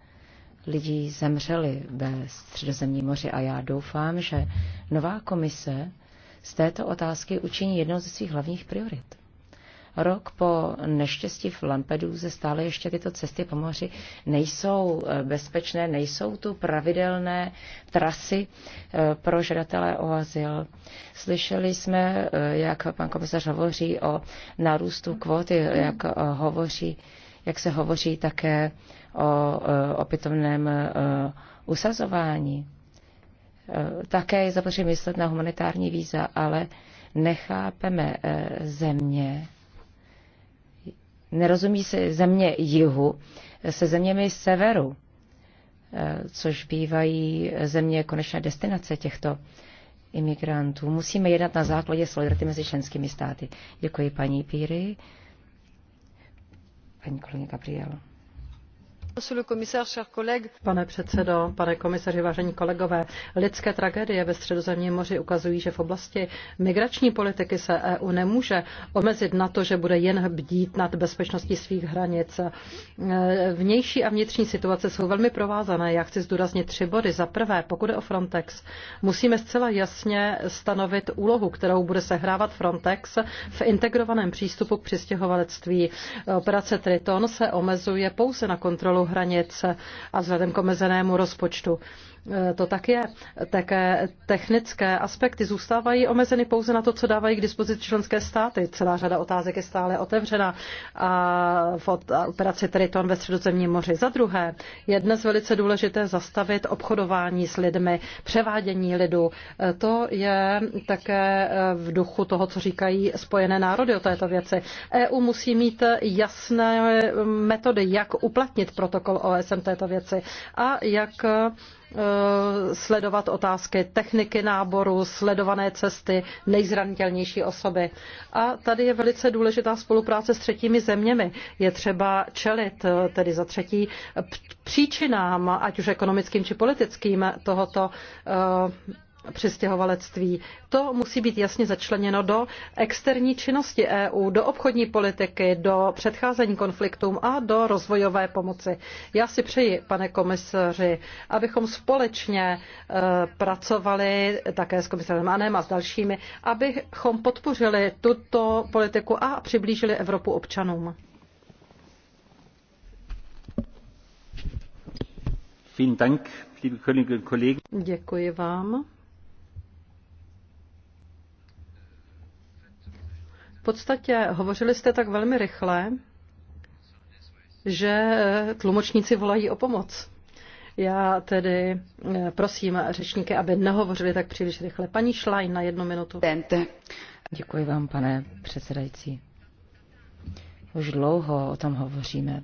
lidí zemřeli ve Středozemní moři a já doufám, že nová komise z této otázky učiní jednou ze svých hlavních priorit. Rok po neštěstí v Lampeduze stále ještě tyto cesty po moři nejsou eh, bezpečné, nejsou tu pravidelné trasy eh, pro žadatelé o azyl. Slyšeli jsme, eh, jak pan komisař hovoří o narůstu kvóty, jak hovoří jak se hovoří také o opětovném usazování. Eh, také je zapotřebí myslet na humanitární víza, ale nechápeme eh, země, nerozumí se země jihu eh, se zeměmi severu, což bývají země konečné jako destinace těchto imigrantů. Musíme jednat na základě solidarity mezi členskými státy. Děkuji paní Píry. Paní kolegyně Gabriela. Pane předsedající, pane komisaři, vážení kolegové, lidské tragédie ve středozemním moři ukazují, že v oblasti migrační politiky se EU nemůže omezit na to, že bude jen bdít nad bezpečností svých hranic. Vnější a vnitřní situace jsou velmi provázané. Já chci zdůraznit tři body. Za prvé, pokud jde o Frontex, musíme zcela jasně stanovit úlohu, kterou bude sehrávat Frontex v integrovaném přístupu k přistěhovalectví. Operace Triton se omezuje pouze na kontrolu kontrolu hranic a vzhledem k omezenému rozpočtu. Eh, to tak je. Také technické aspekty zůstávají omezeny pouze na to, co dávají k dispozici členské státy. Celá řada otázek je stále otevřena a v operaci Triton ve Středozemním moři. Za druhé, je dnes velice důležité zastavit obchodování s lidmi, převádění lidu. Eh, to je také eh, v duchu toho, co říkají Spojené národy o této věci. EU musí mít jasné metody, jak uplatnit protokol OSM této věci a jak Eh, sledovat otázky techniky náboru, sledované cesty, nejzranitelnější osoby. A tady je velice důležitá spolupráce s třetími zeměmi. Je třeba čelit, eh, tedy za třetí, příčinám, ať už ekonomickým či politickým, tohoto eh, přistěhovalectví. To musí být jasně začleněno do externí činnosti EU, do obchodní politiky, do předcházení konfliktům a do rozvojové pomoci. Já si přeji, pane komisaři, abychom společně e, pracovali také s komisarem Anem a s dalšími, abychom podpořili tuto politiku a přiblížili Evropu občanům. Vielen Dank, liebe Kolleginnen und Kollegen. Děkuji vám. V podstatě hovořili jste tak velmi rychle, že tlumočníci volají o pomoc. Já tedy eh, prosím řečníky, aby nehovořili tak příliš rychle. Paní Schlein na jednu minutu. Děkuji vám, pane předsedající. Už dlouho o tom hovoříme.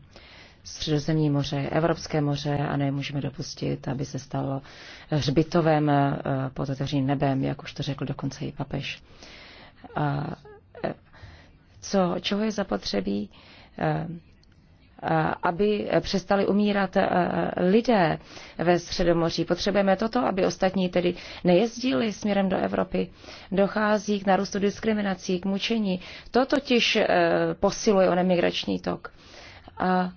Středozemní moře, Evropské moře a nemůžeme dopustit, aby se stalo hřbitovem eh, pod otevřeným nebem, jak už to řekl dokonce i papež. A eh, co, čeho je zapotřebí, eh, eh, aby přestali umírat eh, lidé ve Středomoří. Potřebujeme toto, aby ostatní tedy nejezdili směrem do Evropy. Dochází k narůstu diskriminací, k mučení. To totiž posiluje onemigrační migrační tok. A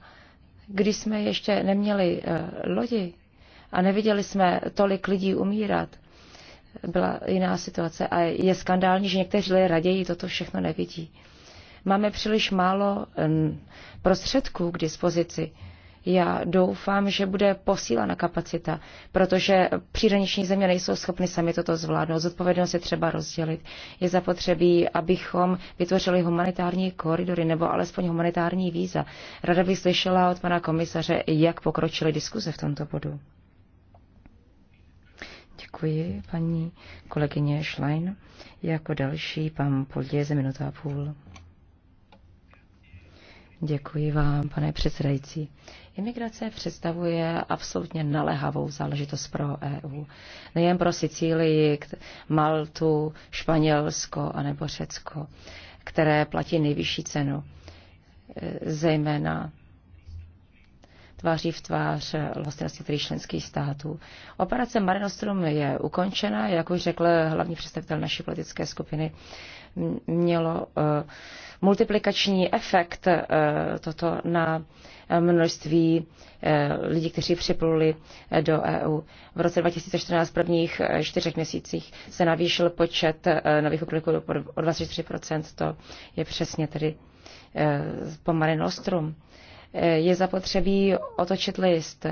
když jsme ještě neměli lodi a neviděli jsme tolik lidí umírat, byla jiná situace a je skandální, že někteří lidé raději toto všechno nevidí. Máme příliš málo prostředků k dispozici. Já doufám, že bude posílena kapacita, protože příhraniční země nejsou schopny sami toto zvládnout. Zodpovědnost je třeba rozdělit. Je zapotřebí, abychom vytvořili humanitární koridory nebo alespoň humanitární víza. Rada bych slyšela od pana komisaře, jak pokročily diskuze v tomto bodu. Děkuji, paní kolegyně Schlein. Jako další pan Poldě ze minuta a půl. Děkuji vám, pane předsedající. Imigrace představuje absolutně nalehavou záležitost pro EU. Nejen pro Sicílii, Maltu, Španělsko a nebo Řecko, které platí nejvyšší cenu. E, zejména tváří v tvář hostitelství tří členských států. Operace Marinostrum je ukončena, jak už řekl hlavní představitel naší politické skupiny mělo eh, multiplikační efekt eh, toto na eh, množství lidí, kteří připluli do EU. V roce 2014 v prvních čtyřech měsících se navýšil počet nových uprchlíků o 23%, to je přesně tedy po Mare Je zapotřebí otočit list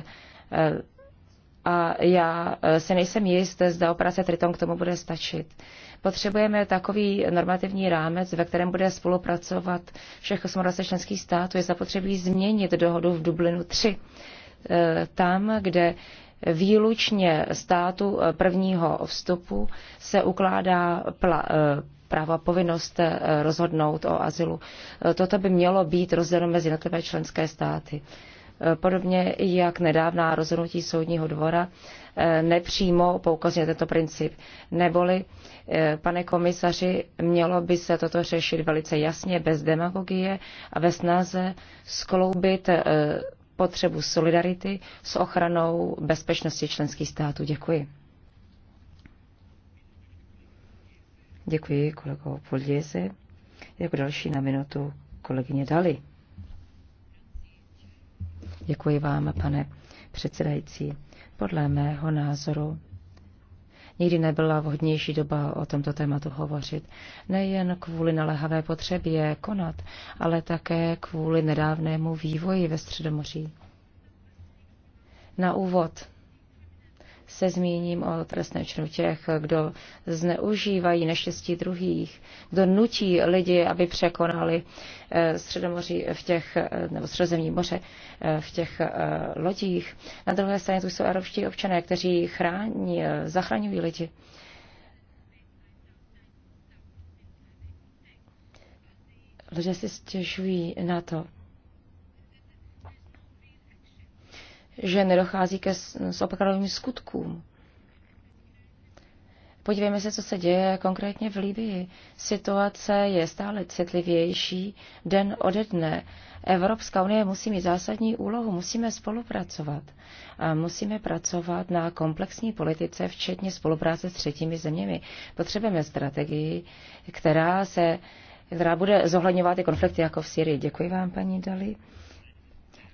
a já se nejsem jist, zda operace Triton k tomu bude stačit. Potřebujeme takový normativní rámec, ve kterém bude spolupracovat všech 28 členských států. Je zapotřebí změnit dohodu v Dublinu 3. E, tam, kde výlučně státu e, prvního vstupu se ukládá e, práva povinnost rozhodnout o azylu. Toto by mělo být rozděleno mezi jednotlivé členské státy. Podobně jak nedávná rozhodnutí soudního dvora nepřímo poukazuje tento princip. Neboli, eh, pane komisaři, mělo by se toto řešit velice jasně, bez demagogie a ve snaze skloubit eh, potřebu solidarity s ochranou bezpečnosti členských států. Děkuji. Děkuji kolego Poldězi. Jako další na minutu kolegyně Dali. Děkuji vám, pane předsedající. Podle mého názoru nikdy nebyla vhodnější doba o tomto tématu hovořit. Nejen kvůli naléhavé potřebě konat, ale také kvůli nedávnému vývoji ve Středomoří. Na úvod se zmíním o trestné činu těch, kdo zneužívají neštěstí druhých, kdo nutí lidi, aby překonali eh, středomoří v těch, eh, nebo středozemní moře eh, v těch lodích. Na druhé straně tu jsou evropští občané, kteří chrání, zachraňují lidi. Lidé si stěžují na to, že nedochází ke opakovaným skutkům. Podívejme se, co se děje konkrétně v Libii. Situace je stále citlivější den ode dne. Evropská unie musí mít zásadní úlohu, musíme spolupracovat. A musíme pracovat na komplexní politice, včetně spolupráce s třetími zeměmi. Potřebujeme strategii, která, se, která bude zohledňovat i konflikty jako v Syrii. Děkuji vám, paní Dali,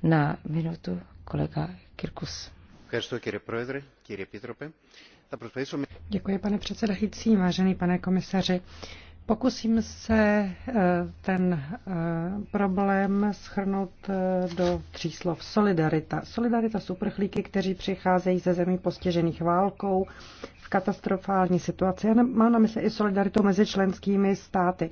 na minutu kolega Kirkus. Děkuji, pane předsedající, vážený pane komisaři. Pokusím se eh, ten eh, problém schrnout eh, do tří slov. Solidarita. Solidarita s uprchlíky, kteří přicházejí ze zemí postižených válkou v katastrofální situaci. A má na mysli i solidaritu mezi členskými státy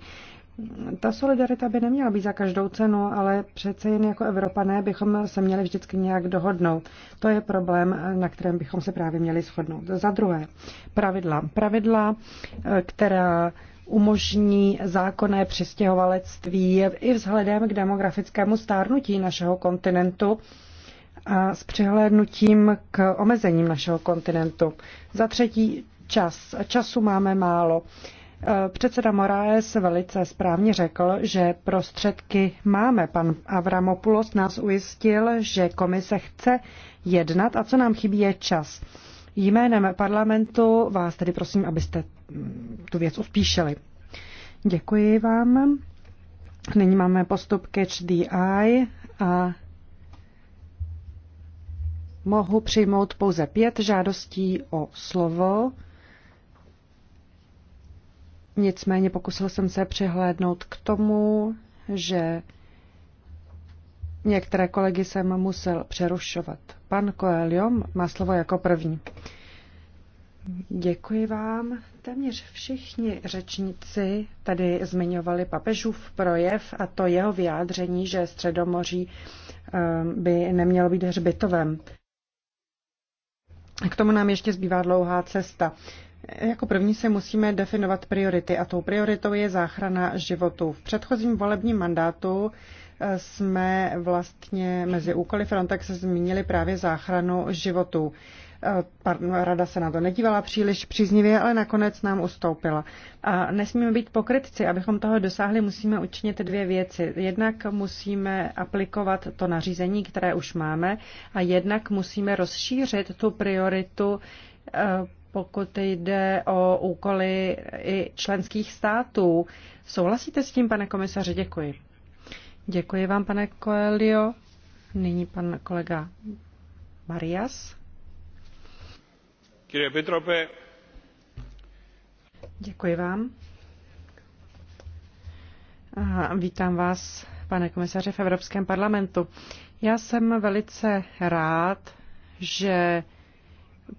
ta solidarita by neměla být za každou cenu, ale přece jen jako Evropané bychom se měli vždycky nějak dohodnout. To je problém, na kterém bychom se právě měli shodnout. Za druhé, pravidla. Pravidla, která umožní zákonné přistěhovalectví i vzhledem k demografickému stárnutí našeho kontinentu a s přihlédnutím k omezením našeho kontinentu. Za třetí, čas. Času máme málo. Uh, Eh, předseda Moraes velice správně řekl, že prostředky máme. Pan Avramopoulos nás ujistil, že komise chce jednat a co nám chybí je čas. Jménem parlamentu vás tedy prosím, abyste mm, tu věc uspíšili. Děkuji vám. Nyní máme postup Catch the Eye a mohu přijmout pouze pět žádostí o slovo. Nicméně pokusil jsem se přihlédnout k tomu, že některé kolegy jsem musel přerušovat. Pan Coelho má slovo jako první. Děkuji vám. Téměř všichni řečníci tady zmiňovali papežův projev a to jeho vyjádření, že Středomoří ehm, by nemělo být hřbitovem. K tomu nám ještě zbývá dlouhá cesta. Jako první se musíme definovat priority a tou prioritou je záchrana životů. V předchozím volebním mandátu eh, jsme vlastně mezi úkoly Frontex zmínili právě záchranu životů. Eh, rada se na to nedívala příliš příznivě, ale nakonec nám ustoupila. A nesmíme být pokrytci. Abychom toho dosáhli, musíme učinit dvě věci. Jednak musíme aplikovat to nařízení, které už máme, a jednak musíme rozšířit tu prioritu eh, pokud jde o úkoly i členských států. Souhlasíte s tím, pane komisaři? Děkuji. Děkuji vám, pane Coelho. Nyní pan kolega Marias. Děkuji vám. A vítám vás, pane komisaře v Evropském parlamentu. Já jsem velice rád, že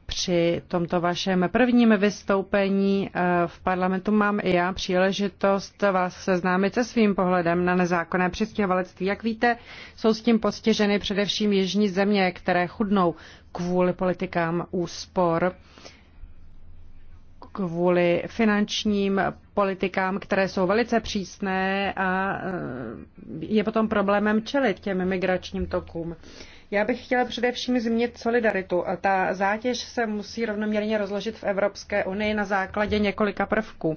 při tomto vašem prvním vystoupení eh, v parlamentu mám i já příležitost vás seznámit se svým pohledem na nezákonné přistěhovalectví. Jak víte, jsou s tím postiženy především jižní země, které chudnou kvůli politikám úspor, kvůli finančním politikám, které jsou velice přísné a eh, je potom problémem čelit těm migračním tokům. Já bych chtěla především zmínit solidaritu. Ta zátěž se musí rovnoměrně rozložit v Evropské unii na základě několika prvků.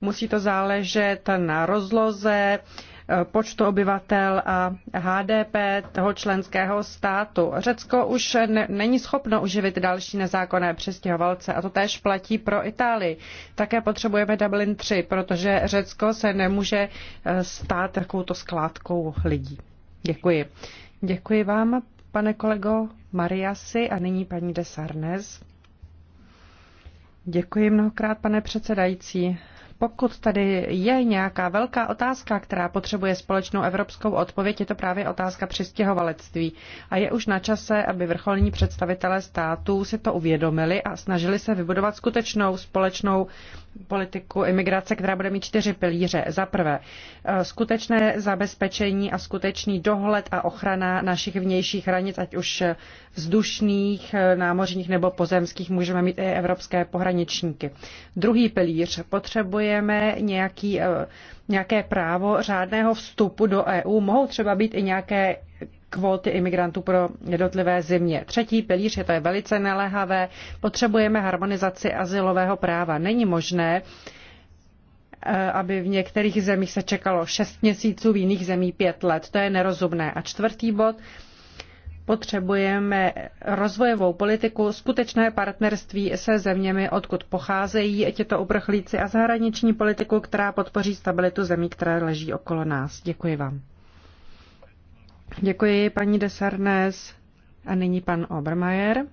Musí to záležet na rozloze, eh, počtu obyvatel a HDP toho členského státu. Řecko už ne, není schopno uživit další nezákonné přestěhovalce a to též platí pro Itálii. Také potřebujeme Dublin 3, protože Řecko se nemůže eh, stát takovouto skládkou lidí. Děkuji. Děkuji vám, pane kolego Mariasi a nyní paní de Sarnes. Děkuji mnohokrát, pane předsedající. Pokud tady je nějaká velká otázka, která potřebuje společnou evropskou odpověď, je to právě otázka přistěhovalectví. A je už na čase, aby vrcholní představitelé států si to uvědomili a snažili se vybudovat skutečnou společnou politiku imigrace, která bude mít čtyři pilíře. Za prvé, eh, skutečné zabezpečení a skutečný dohled a ochrana našich vnějších hranic, ať už eh, vzdušných, eh, námořních nebo pozemských, můžeme mít i evropské pohraničníky. Druhý pilíř, potřebujeme nějaký, nějaké právo řádného vstupu do EU. Mohou třeba být i nějaké kvóty imigrantů pro jednotlivé země. Třetí pilíř je to je velice naléhavé. Potřebujeme harmonizaci asilového práva. Není možné, eh, aby v některých zemích se čekalo šest měsíců, v jiných zemí pět let. To je nerozumné. A čtvrtý bod, potřebujeme rozvojovou politiku, skutečné partnerství se zeměmi, odkud pocházejí těto uprchlíci a zahraniční politiku, která podpoří stabilitu zemí, které leží okolo nás. Děkuji vám. Děkuji paní Desarnes a nyní pan Obermajer.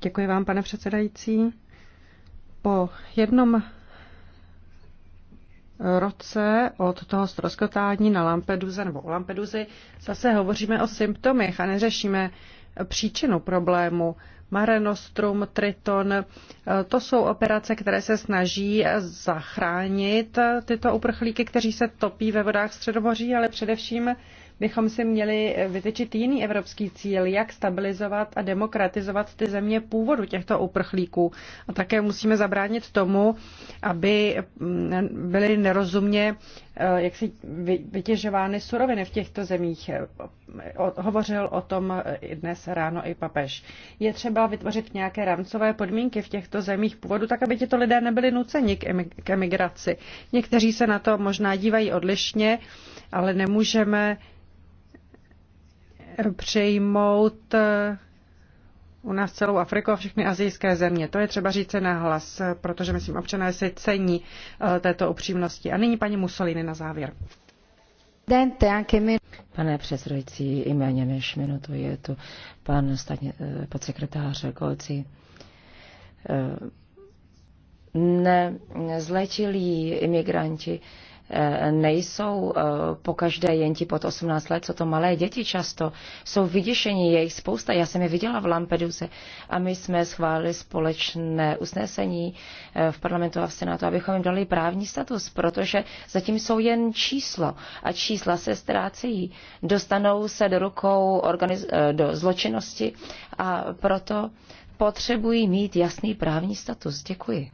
Děkuji vám, pane předsedající. Po jednom roce od toho stroskotání na Lampeduze nebo u Lampeduzy zase hovoříme o symptomech a neřešíme příčinu problému. Mare Nostrum, Triton. Eh, to jsou operace, které se snaží zachránit tyto uprchlíky, kteří se topí ve vodách Středomoří, ale především bychom si měli vytyčit jiný evropský cíl, jak stabilizovat a demokratizovat ty země původu těchto uprchlíků. A také musíme zabránit tomu, aby mm, byly nerozumně eh, jak si vytěžovány suroviny v těchto zemích hovořil o tom i dnes ráno i papež. Je třeba vytvořit nějaké rámcové podmínky v těchto zemích původu, tak aby těto lidé nebyli nuceni k emigraci. Někteří se na to možná dívají odlišně, ale nemůžeme přejmout eh, u nás celou Afriku a všechny azijské země. To je třeba říct na hlas, eh, protože myslím, občané si cení eh, této upřímnosti. A nyní paní Mussolini na závěr. Pane předsedající, i méně než minutu je tu pan státní eh, podsekretář Golci. Eh, Nezletilí imigranti E, nejsou e, pokaždé jen ti pod 18 let, co to malé děti často jsou vyděšení, jejich spousta. Já jsem je viděla v Lampeduse a my jsme schválili společné usnesení e, v parlamentu a v senátu, abychom jim dali právní status, protože zatím jsou jen číslo a čísla se ztrácejí. Dostanou se do rukou organiz- do zločinnosti a proto potřebují mít jasný právní status. Děkuji.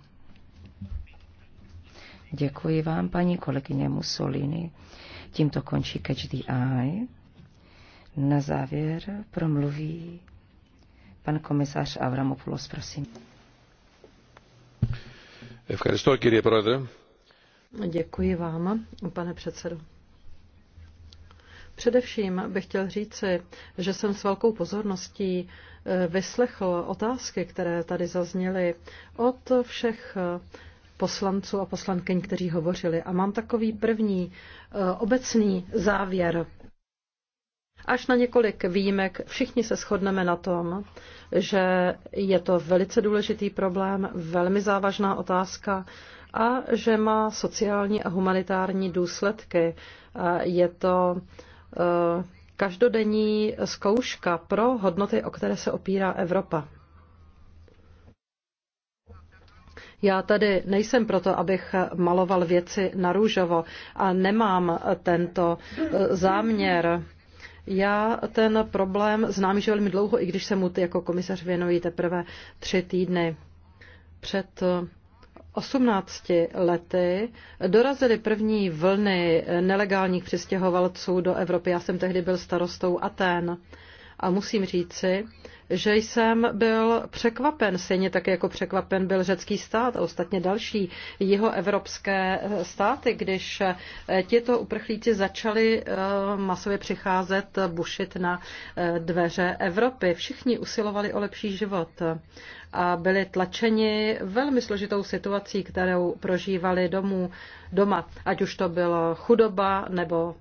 Děkuji vám, paní kolegyně Mussolini. Tímto končí Catch the Eye. Na závěr promluví pan komisař Avramopoulos, prosím. Děkuji vám, pane předsedo. Především bych chtěl říci, že jsem s velkou pozorností eh, vyslechl otázky, které tady zazněly od všech eh, poslanců a poslankyň, kteří hovořili. A mám takový první eh, obecný závěr. Až na několik výjimek všichni se shodneme na tom, že je to velice důležitý problém, velmi závažná otázka a že má sociální a humanitární důsledky. Eh, je to eh, každodenní zkouška pro hodnoty, o které se opírá Evropa. Já tady nejsem proto, abych maloval věci na růžovo a nemám tento e, záměr. Já ten problém znám již velmi dlouho, i když se mu ty jako komisař věnují teprve tři týdny. Před 18 e, lety dorazily první vlny nelegálních přistěhovalců do Evropy. Já jsem tehdy byl starostou Aten a musím říci, že jsem byl překvapen, stejně tak jako překvapen byl řecký stát a ostatně další jeho evropské státy, když eh, těto uprchlíci začali eh, masově přicházet bušit na eh, dveře Evropy. Všichni usilovali o lepší život a byli tlačeni velmi složitou situací, kterou prožívali domů, doma, ať už to byla chudoba nebo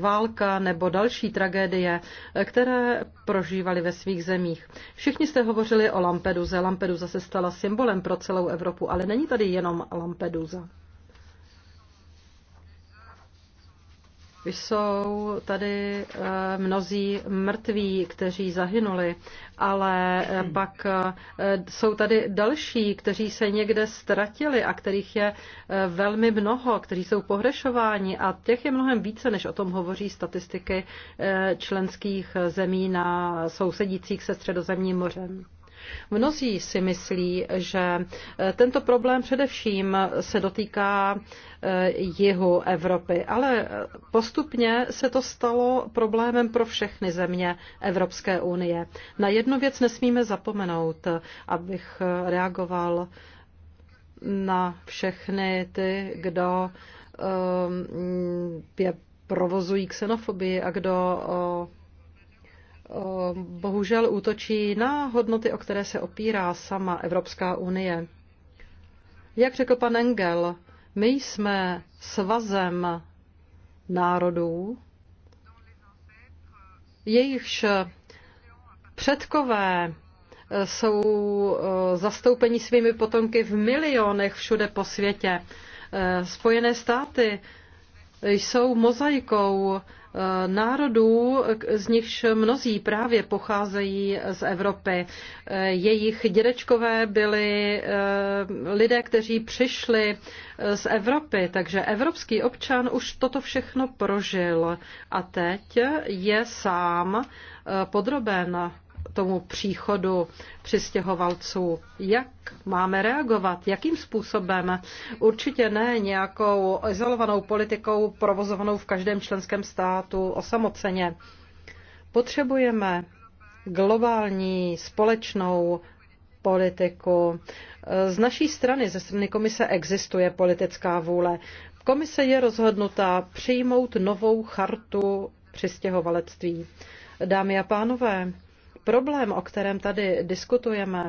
válka nebo další tragédie, které prožívali ve svých zemích. Všichni jste hovořili o Lampeduze. Lampeduza se stala symbolem pro celou Evropu, ale není tady jenom Lampeduza. jsou tady eh, mnozí mrtví, kteří zahynuli, ale eh, hmm. pak eh, jsou tady další, kteří se někde ztratili a kterých je velmi mnoho, kteří jsou pohrešováni a těch je mnohem více, než o tom hovoří statistiky členských zemí na sousedících se středozemním mořem. Mnozí si myslí, že eh, tento problém především se dotýká eh, jihu Evropy, ale eh, postupně se to stalo problémem pro všechny země Evropské unie. Na jednu věc nesmíme zapomenout, abych reagoval na všechny ty, kdo je provozují xenofobii a kdo bohužel útočí na hodnoty, o které se opírá sama Evropská unie. Jak řekl pan Engel, my jsme svazem národů, jejichž předkové eh, jsou eh, zastoupeni svými potomky v milionech všude po světě. Eh, Spojené státy jsou mozaikou Eh, národů, z nichž mnozí právě pocházejí z Evropy. Eh, jejich dědečkové byli eh, lidé, kteří přišli z Evropy, takže evropský občan už toto všechno prožil a teď je sám podroben tomu příchodu přistěhovalců. Jak máme reagovat? Jakým způsobem? Určitě ne nějakou izolovanou politikou provozovanou v každém členském státu osamoceně. Potřebujeme globální společnou politiku. Z naší strany, ze strany komise, existuje politická vůle. Komise je rozhodnutá přijmout novou chartu přistěhovalectví. Dámy a pánové, Problém, o kterém tady diskutujeme,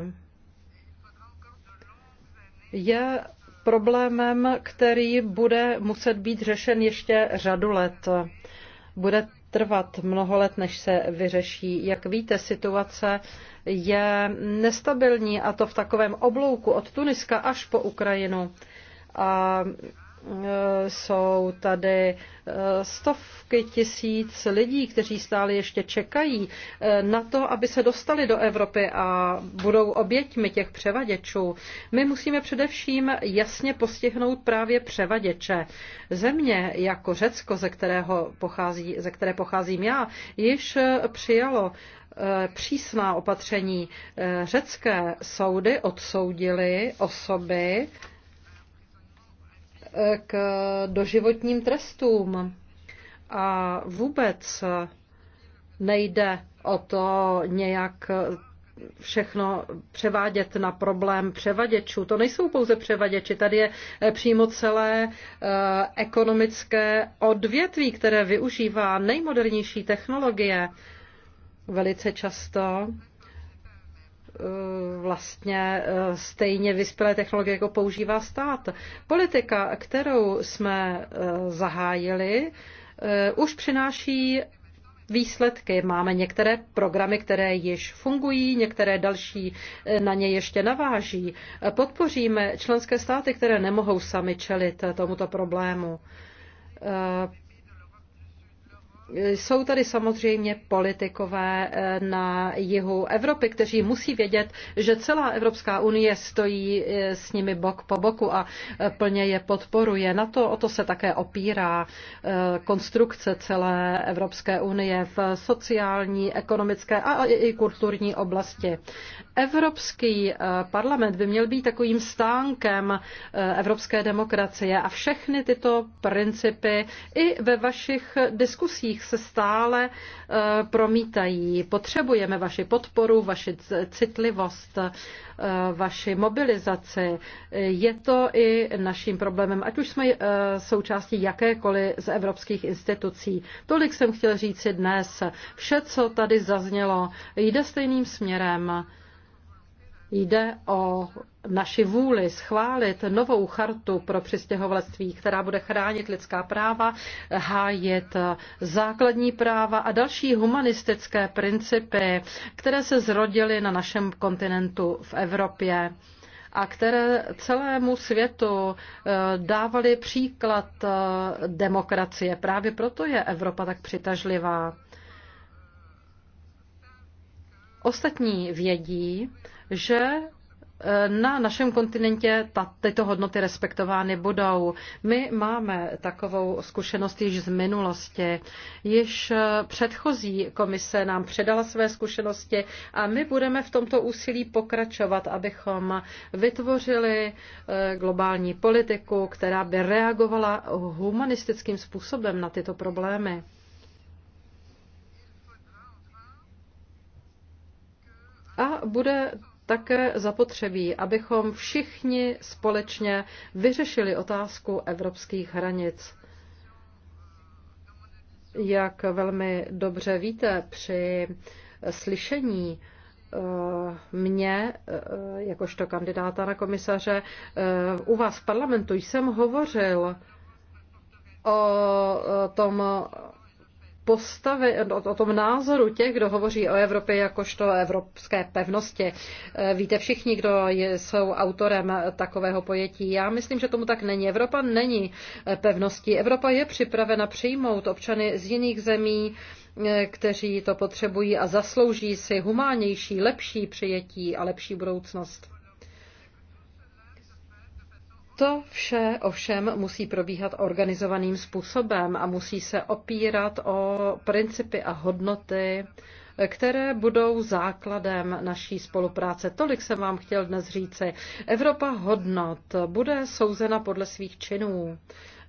je problémem, který bude muset být řešen ještě řadu let. Bude trvat mnoho let, než se vyřeší. Jak víte, situace je nestabilní a to v takovém oblouku od Tuniska až po Ukrajinu. A Eh, jsou tady eh, stovky tisíc lidí, kteří stále ještě čekají eh, na to, aby se dostali do Evropy a budou oběťmi těch převaděčů. My musíme především jasně postihnout právě převaděče. Země jako Řecko, ze, kterého pochází, ze které pocházím já, již přijalo přísná opatření. Řecké soudy odsoudily osoby, k doživotním trestům. A vůbec nejde o to nějak všechno převádět na problém převaděčů. To nejsou pouze převaděči, tady je přímo celé e, ekonomické odvětví, které využívá nejmodernější technologie. Velice často Eh, vlastně eh, stejně vyspělé technologie, jako používá stát. Politika, kterou jsme eh, zahájili, už přináší výsledky. Máme některé programy, které již fungují, některé další na ně ještě naváží. Podpoříme členské státy, které nemohou sami čelit tomuto problému jsou tady samozřejmě politikové eh, na jihu Evropy, kteří musí vědět, že celá Evropská unie stojí eh, s nimi bok po boku a eh, plně je podporuje. Na to o to se také opírá konstrukce celé Evropské unie v sociální, ekonomické a i kulturní oblasti. Evropský eh, parlament by měl být takovým stánkem eh, evropské demokracie a všechny tyto principy i ve vašich diskusích se stále eh, promítají. Potřebujeme vaši podporu, vaši citlivost, vaši mobilizaci. Je to i naším problémem, ať už jsme součástí jakékoliv z evropských institucí. Tolik jsem chtěl říci dnes. Vše, co tady zaznělo, jde stejným směrem. Jde o naši vůli schválit novou chartu pro přistěhovalectví, která bude chránit lidská práva, hájit základní práva a další humanistické principy, které se zrodily na našem kontinentu v Evropě a které celému světu eh, dávaly příklad eh, demokracie. Právě proto je Evropa tak přitažlivá. Ostatní vědí, že e, na našem kontinentě ta, tyto hodnoty respektovány budou. My máme takovou zkušenost již z minulosti. Již e, předchozí komise nám předala své zkušenosti a my budeme v tomto úsilí pokračovat, abychom vytvořili e, globální politiku, která by reagovala humanistickým způsobem na tyto problémy. a bude také zapotřebí, abychom všichni společně vyřešili otázku evropských hranic. Jak velmi dobře víte, při slyšení eh, mě, eh, jakožto kandidáta na komisaře, eh, u vás v parlamentu jsem hovořil o tom postavy, o tom názoru těch, kdo hovoří o Evropě jakožto evropské pevnosti. E, víte všichni, kdo jsou autorem takového pojetí. Já myslím, že tomu tak není. Evropa není e, pevností. Evropa je připravena přijmout občany z jiných zemí, e, kteří to potřebují a zaslouží si humánější, lepší přijetí a lepší budoucnost. To vše ovšem musí probíhat organizovaným způsobem a musí se opírat o principy a hodnoty, které budou základem naší spolupráce. Tolik jsem vám chtěl dnes říci. Evropa hodnot bude souzena podle svých činů.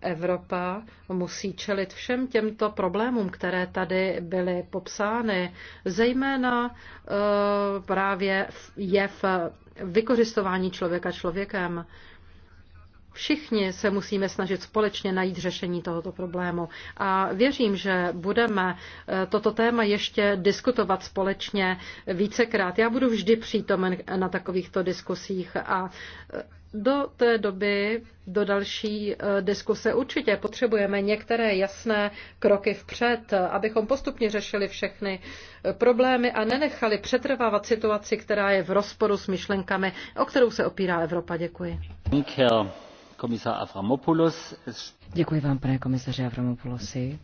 Evropa musí čelit všem těmto problémům, které tady byly popsány, zejména eh, právě jev vykořistování člověka člověkem. Všichni se musíme snažit společně najít řešení tohoto problému a věřím, že budeme eh, toto téma ještě diskutovat společně vícekrát. Já budu vždy přítomen na takovýchto diskusích a eh, do té doby, do další eh, diskuse určitě potřebujeme některé jasné kroky vpřed, abychom postupně řešili všechny problémy a nenechali přetrvávat situaci, která je v rozporu s myšlenkami, o kterou se opírá Evropa. Děkuji. Děkuji. Děkuji vám, pane komisaře Avramopoulosi.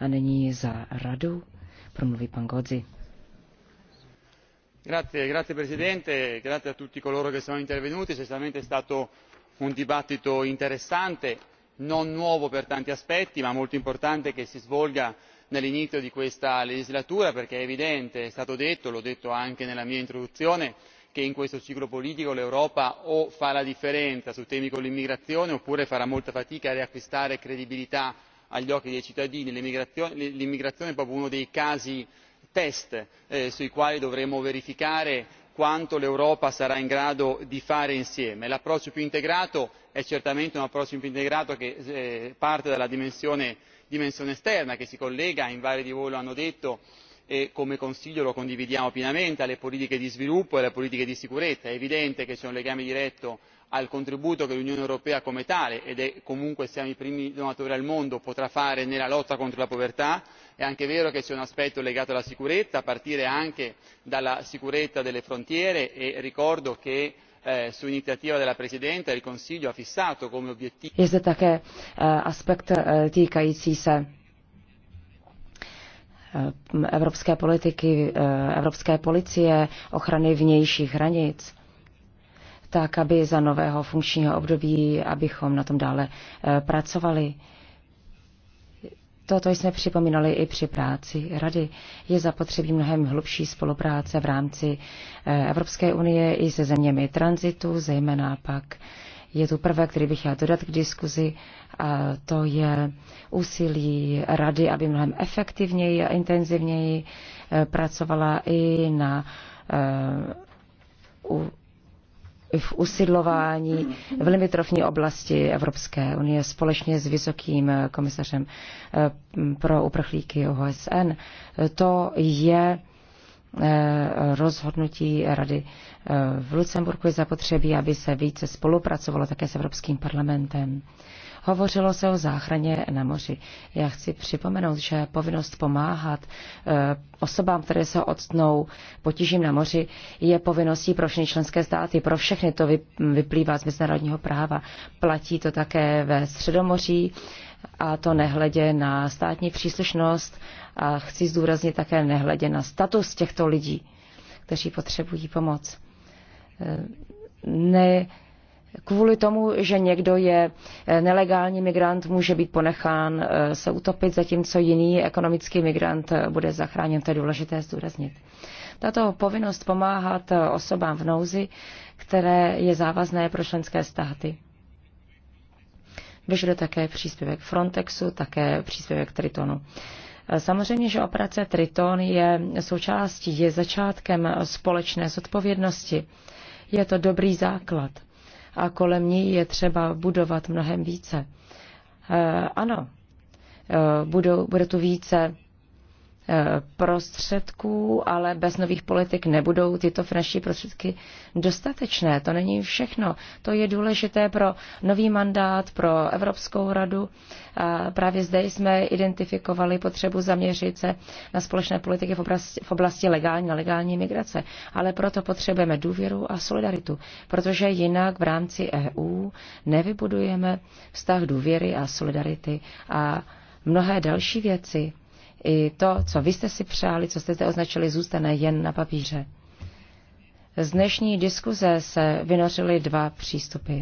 A nyní za radu promluví pan Godzi. Grazie, grazie Presidente, grazie a tutti coloro che sono intervenuti. Certamente è stato un dibattito interessante, non nuovo per tanti aspetti, ma molto importante che si svolga nell'inizio di questa legislatura perché è evidente, è stato detto, l'ho detto anche nella mia introduzione, che in questo ciclo politico l'europa o fa la differenza su temi come l'immigrazione oppure farà molta fatica a riacquistare credibilità agli occhi dei cittadini. l'immigrazione è proprio uno dei casi test eh, sui quali dovremo verificare quanto l'europa sarà in grado di fare insieme. l'approccio più integrato è certamente un approccio più integrato che eh, parte dalla dimensione esterna che si collega in vari di voi lo hanno detto e come consiglio lo condividiamo pienamente alle politiche di sviluppo e alle politiche di sicurezza. è evidente che c'è un legame diretto al contributo che l'unione europea come tale ed è comunque siamo i primi donatori al mondo potrà fare nella lotta contro la povertà. è anche vero che c'è un aspetto legato alla sicurezza a partire anche dalla sicurezza delle frontiere e ricordo che eh, su iniziativa della presidenta il consiglio ha fissato come obiettivo. Eh, evropské politiky, eh, evropské policie, ochrany vnějších hranic, tak aby za nového funkčního období, abychom na tom dále eh, pracovali. Toto jsme připomínali i při práci Rady. Je zapotřebí mnohem hlubší spolupráce v rámci Evropské unie i se zeměmi tranzitu, zejména pak je to prvé, který bych chtěla dodat k diskuzi, a to je úsilí rady, aby mnohem efektivněji a intenzivněji e, pracovala i na e, u, v usidlování v limitrofní oblasti Evropské unie společně s vysokým komisařem e, pro uprchlíky OSN. To je Eh, rozhodnutí rady eh, v Lucemburku je zapotřebí, aby se více spolupracovalo také s Evropským parlamentem. Hovořilo se o záchraně na moři. Já chci připomenout, že povinnost pomáhat eh, osobám, které se odstnou potížím na moři, je povinností pro všechny členské státy. Pro všechny to vyplývá z mezinárodního práva. Platí to také ve Středomoří a to nehledě na státní příslušnost a chci zdůraznit také nehledě na status těchto lidí, kteří potřebují pomoc. Ne, kvůli tomu, že někdo je nelegální migrant, může být ponechán eh, se utopit, zatímco jiný ekonomický migrant bude zachráněn. To je důležité zdůraznit. Tato povinnost pomáhat eh, osobám v nouzi, které je závazné pro členské státy vyžaduje také příspěvek Frontexu, také příspěvek Tritonu. Samozřejmě, že operace Triton je součástí, je začátkem společné zodpovědnosti. Je to dobrý základ a kolem ní je třeba budovat mnohem více. Eh, ano, eh, budou, bude tu více prostředků, ale bez nových politik nebudou tyto finanční prostředky dostatečné. To není všechno. To je důležité pro nový mandát, pro Evropskou radu. A právě zde jsme identifikovali potřebu zaměřit se na společné politiky v oblasti, v oblasti legální a legální migrace. Ale proto potřebujeme důvěru a solidaritu, protože jinak v rámci EU nevybudujeme vztah důvěry a solidarity a mnohé další věci i to, co vy jste si přáli, co jste zde označili, zůstane jen na papíře. Z dnešní diskuze se vynořily dva přístupy,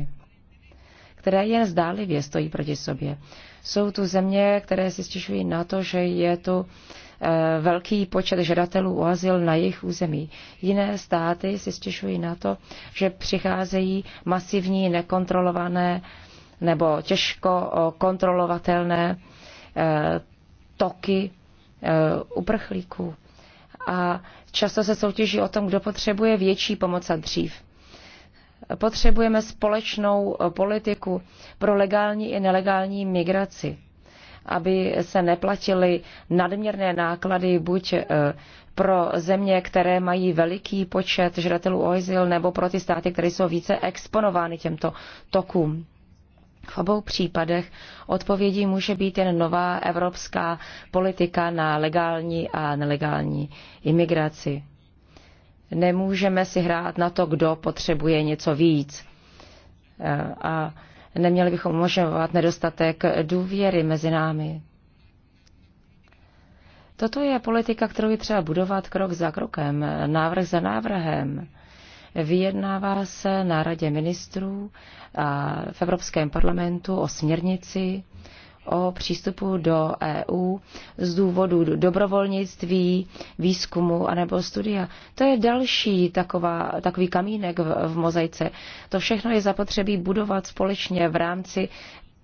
které jen zdálivě stojí proti sobě. Jsou tu země, které si stěžují na to, že je tu e, velký počet žadatelů o azyl na jejich území. Jiné státy si stěžují na to, že přicházejí masivní, nekontrolované nebo těžko e, kontrolovatelné e, toky Eh, uprchlíků. A často se soutěží o tom, kdo potřebuje větší pomoc a dřív. Potřebujeme společnou eh, politiku pro legální i nelegální migraci, aby se neplatily nadměrné náklady buď eh, pro země, které mají veliký počet žadatelů o nebo pro ty státy, které jsou více exponovány těmto tokům. V obou případech odpovědí může být jen nová evropská politika na legální a nelegální imigraci. Nemůžeme si hrát na to, kdo potřebuje něco víc. Eh, a neměli bychom umožňovat nedostatek důvěry mezi námi. Toto je politika, kterou je třeba budovat krok za krokem, návrh za návrhem. Vyjednává se na Radě ministrů a v Evropském parlamentu o směrnici o přístupu do EU z důvodu dobrovolnictví, výzkumu anebo studia. To je další taková, takový kamínek v, v mozaice. To všechno je zapotřebí budovat společně v rámci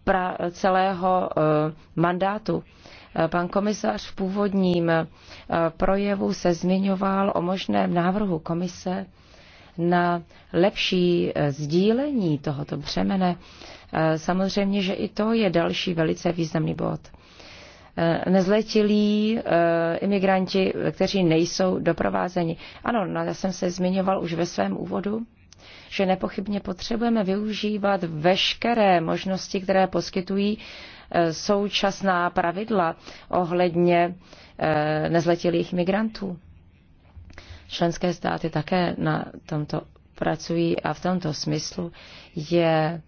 pra, celého uh, mandátu. Eh, pan komisař v původním eh, projevu se zmiňoval o možném návrhu komise na lepší eh, sdílení tohoto břemene. Eh, samozřejmě, že i to je další velice významný bod. Eh, nezletilí imigranti, kteří nejsou doprovázeni. Ano, no, já jsem se zmiňoval už ve svém úvodu, že nepochybně potřebujeme využívat veškeré možnosti, které poskytují současná pravidla ohledně nezletilých migrantů. Členské státy také na tomto pracují a v tomto smyslu je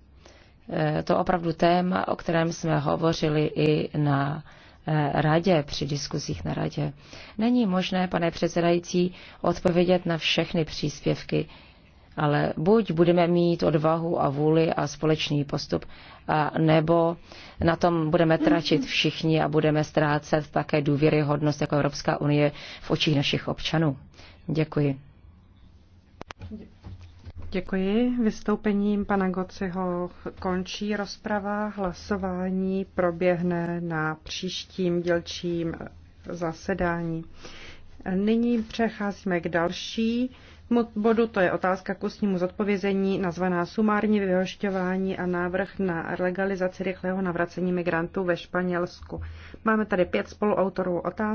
eh, to opravdu téma, o kterém jsme hovořili i na eh, radě, při diskuzích na radě. Není možné, pane předsedající, odpovědět na všechny příspěvky, ale buď budeme mít odvahu a vůli a společný postup, a nebo na tom budeme tračit všichni a budeme ztrácet také důvěryhodnost jako Evropská unie v očích našich občanů. Děkuji. Děkuji. Vystoupením pana Gociho končí rozprava. Hlasování proběhne na příštím dělčím zasedání. Nyní přecházíme k další bodu, to je otázka k ústnímu zodpovězení nazvaná sumární vyhošťování a návrh na legalizaci rychlého navracení migrantů ve Španělsku. Máme tady pět spoluautorů otázek.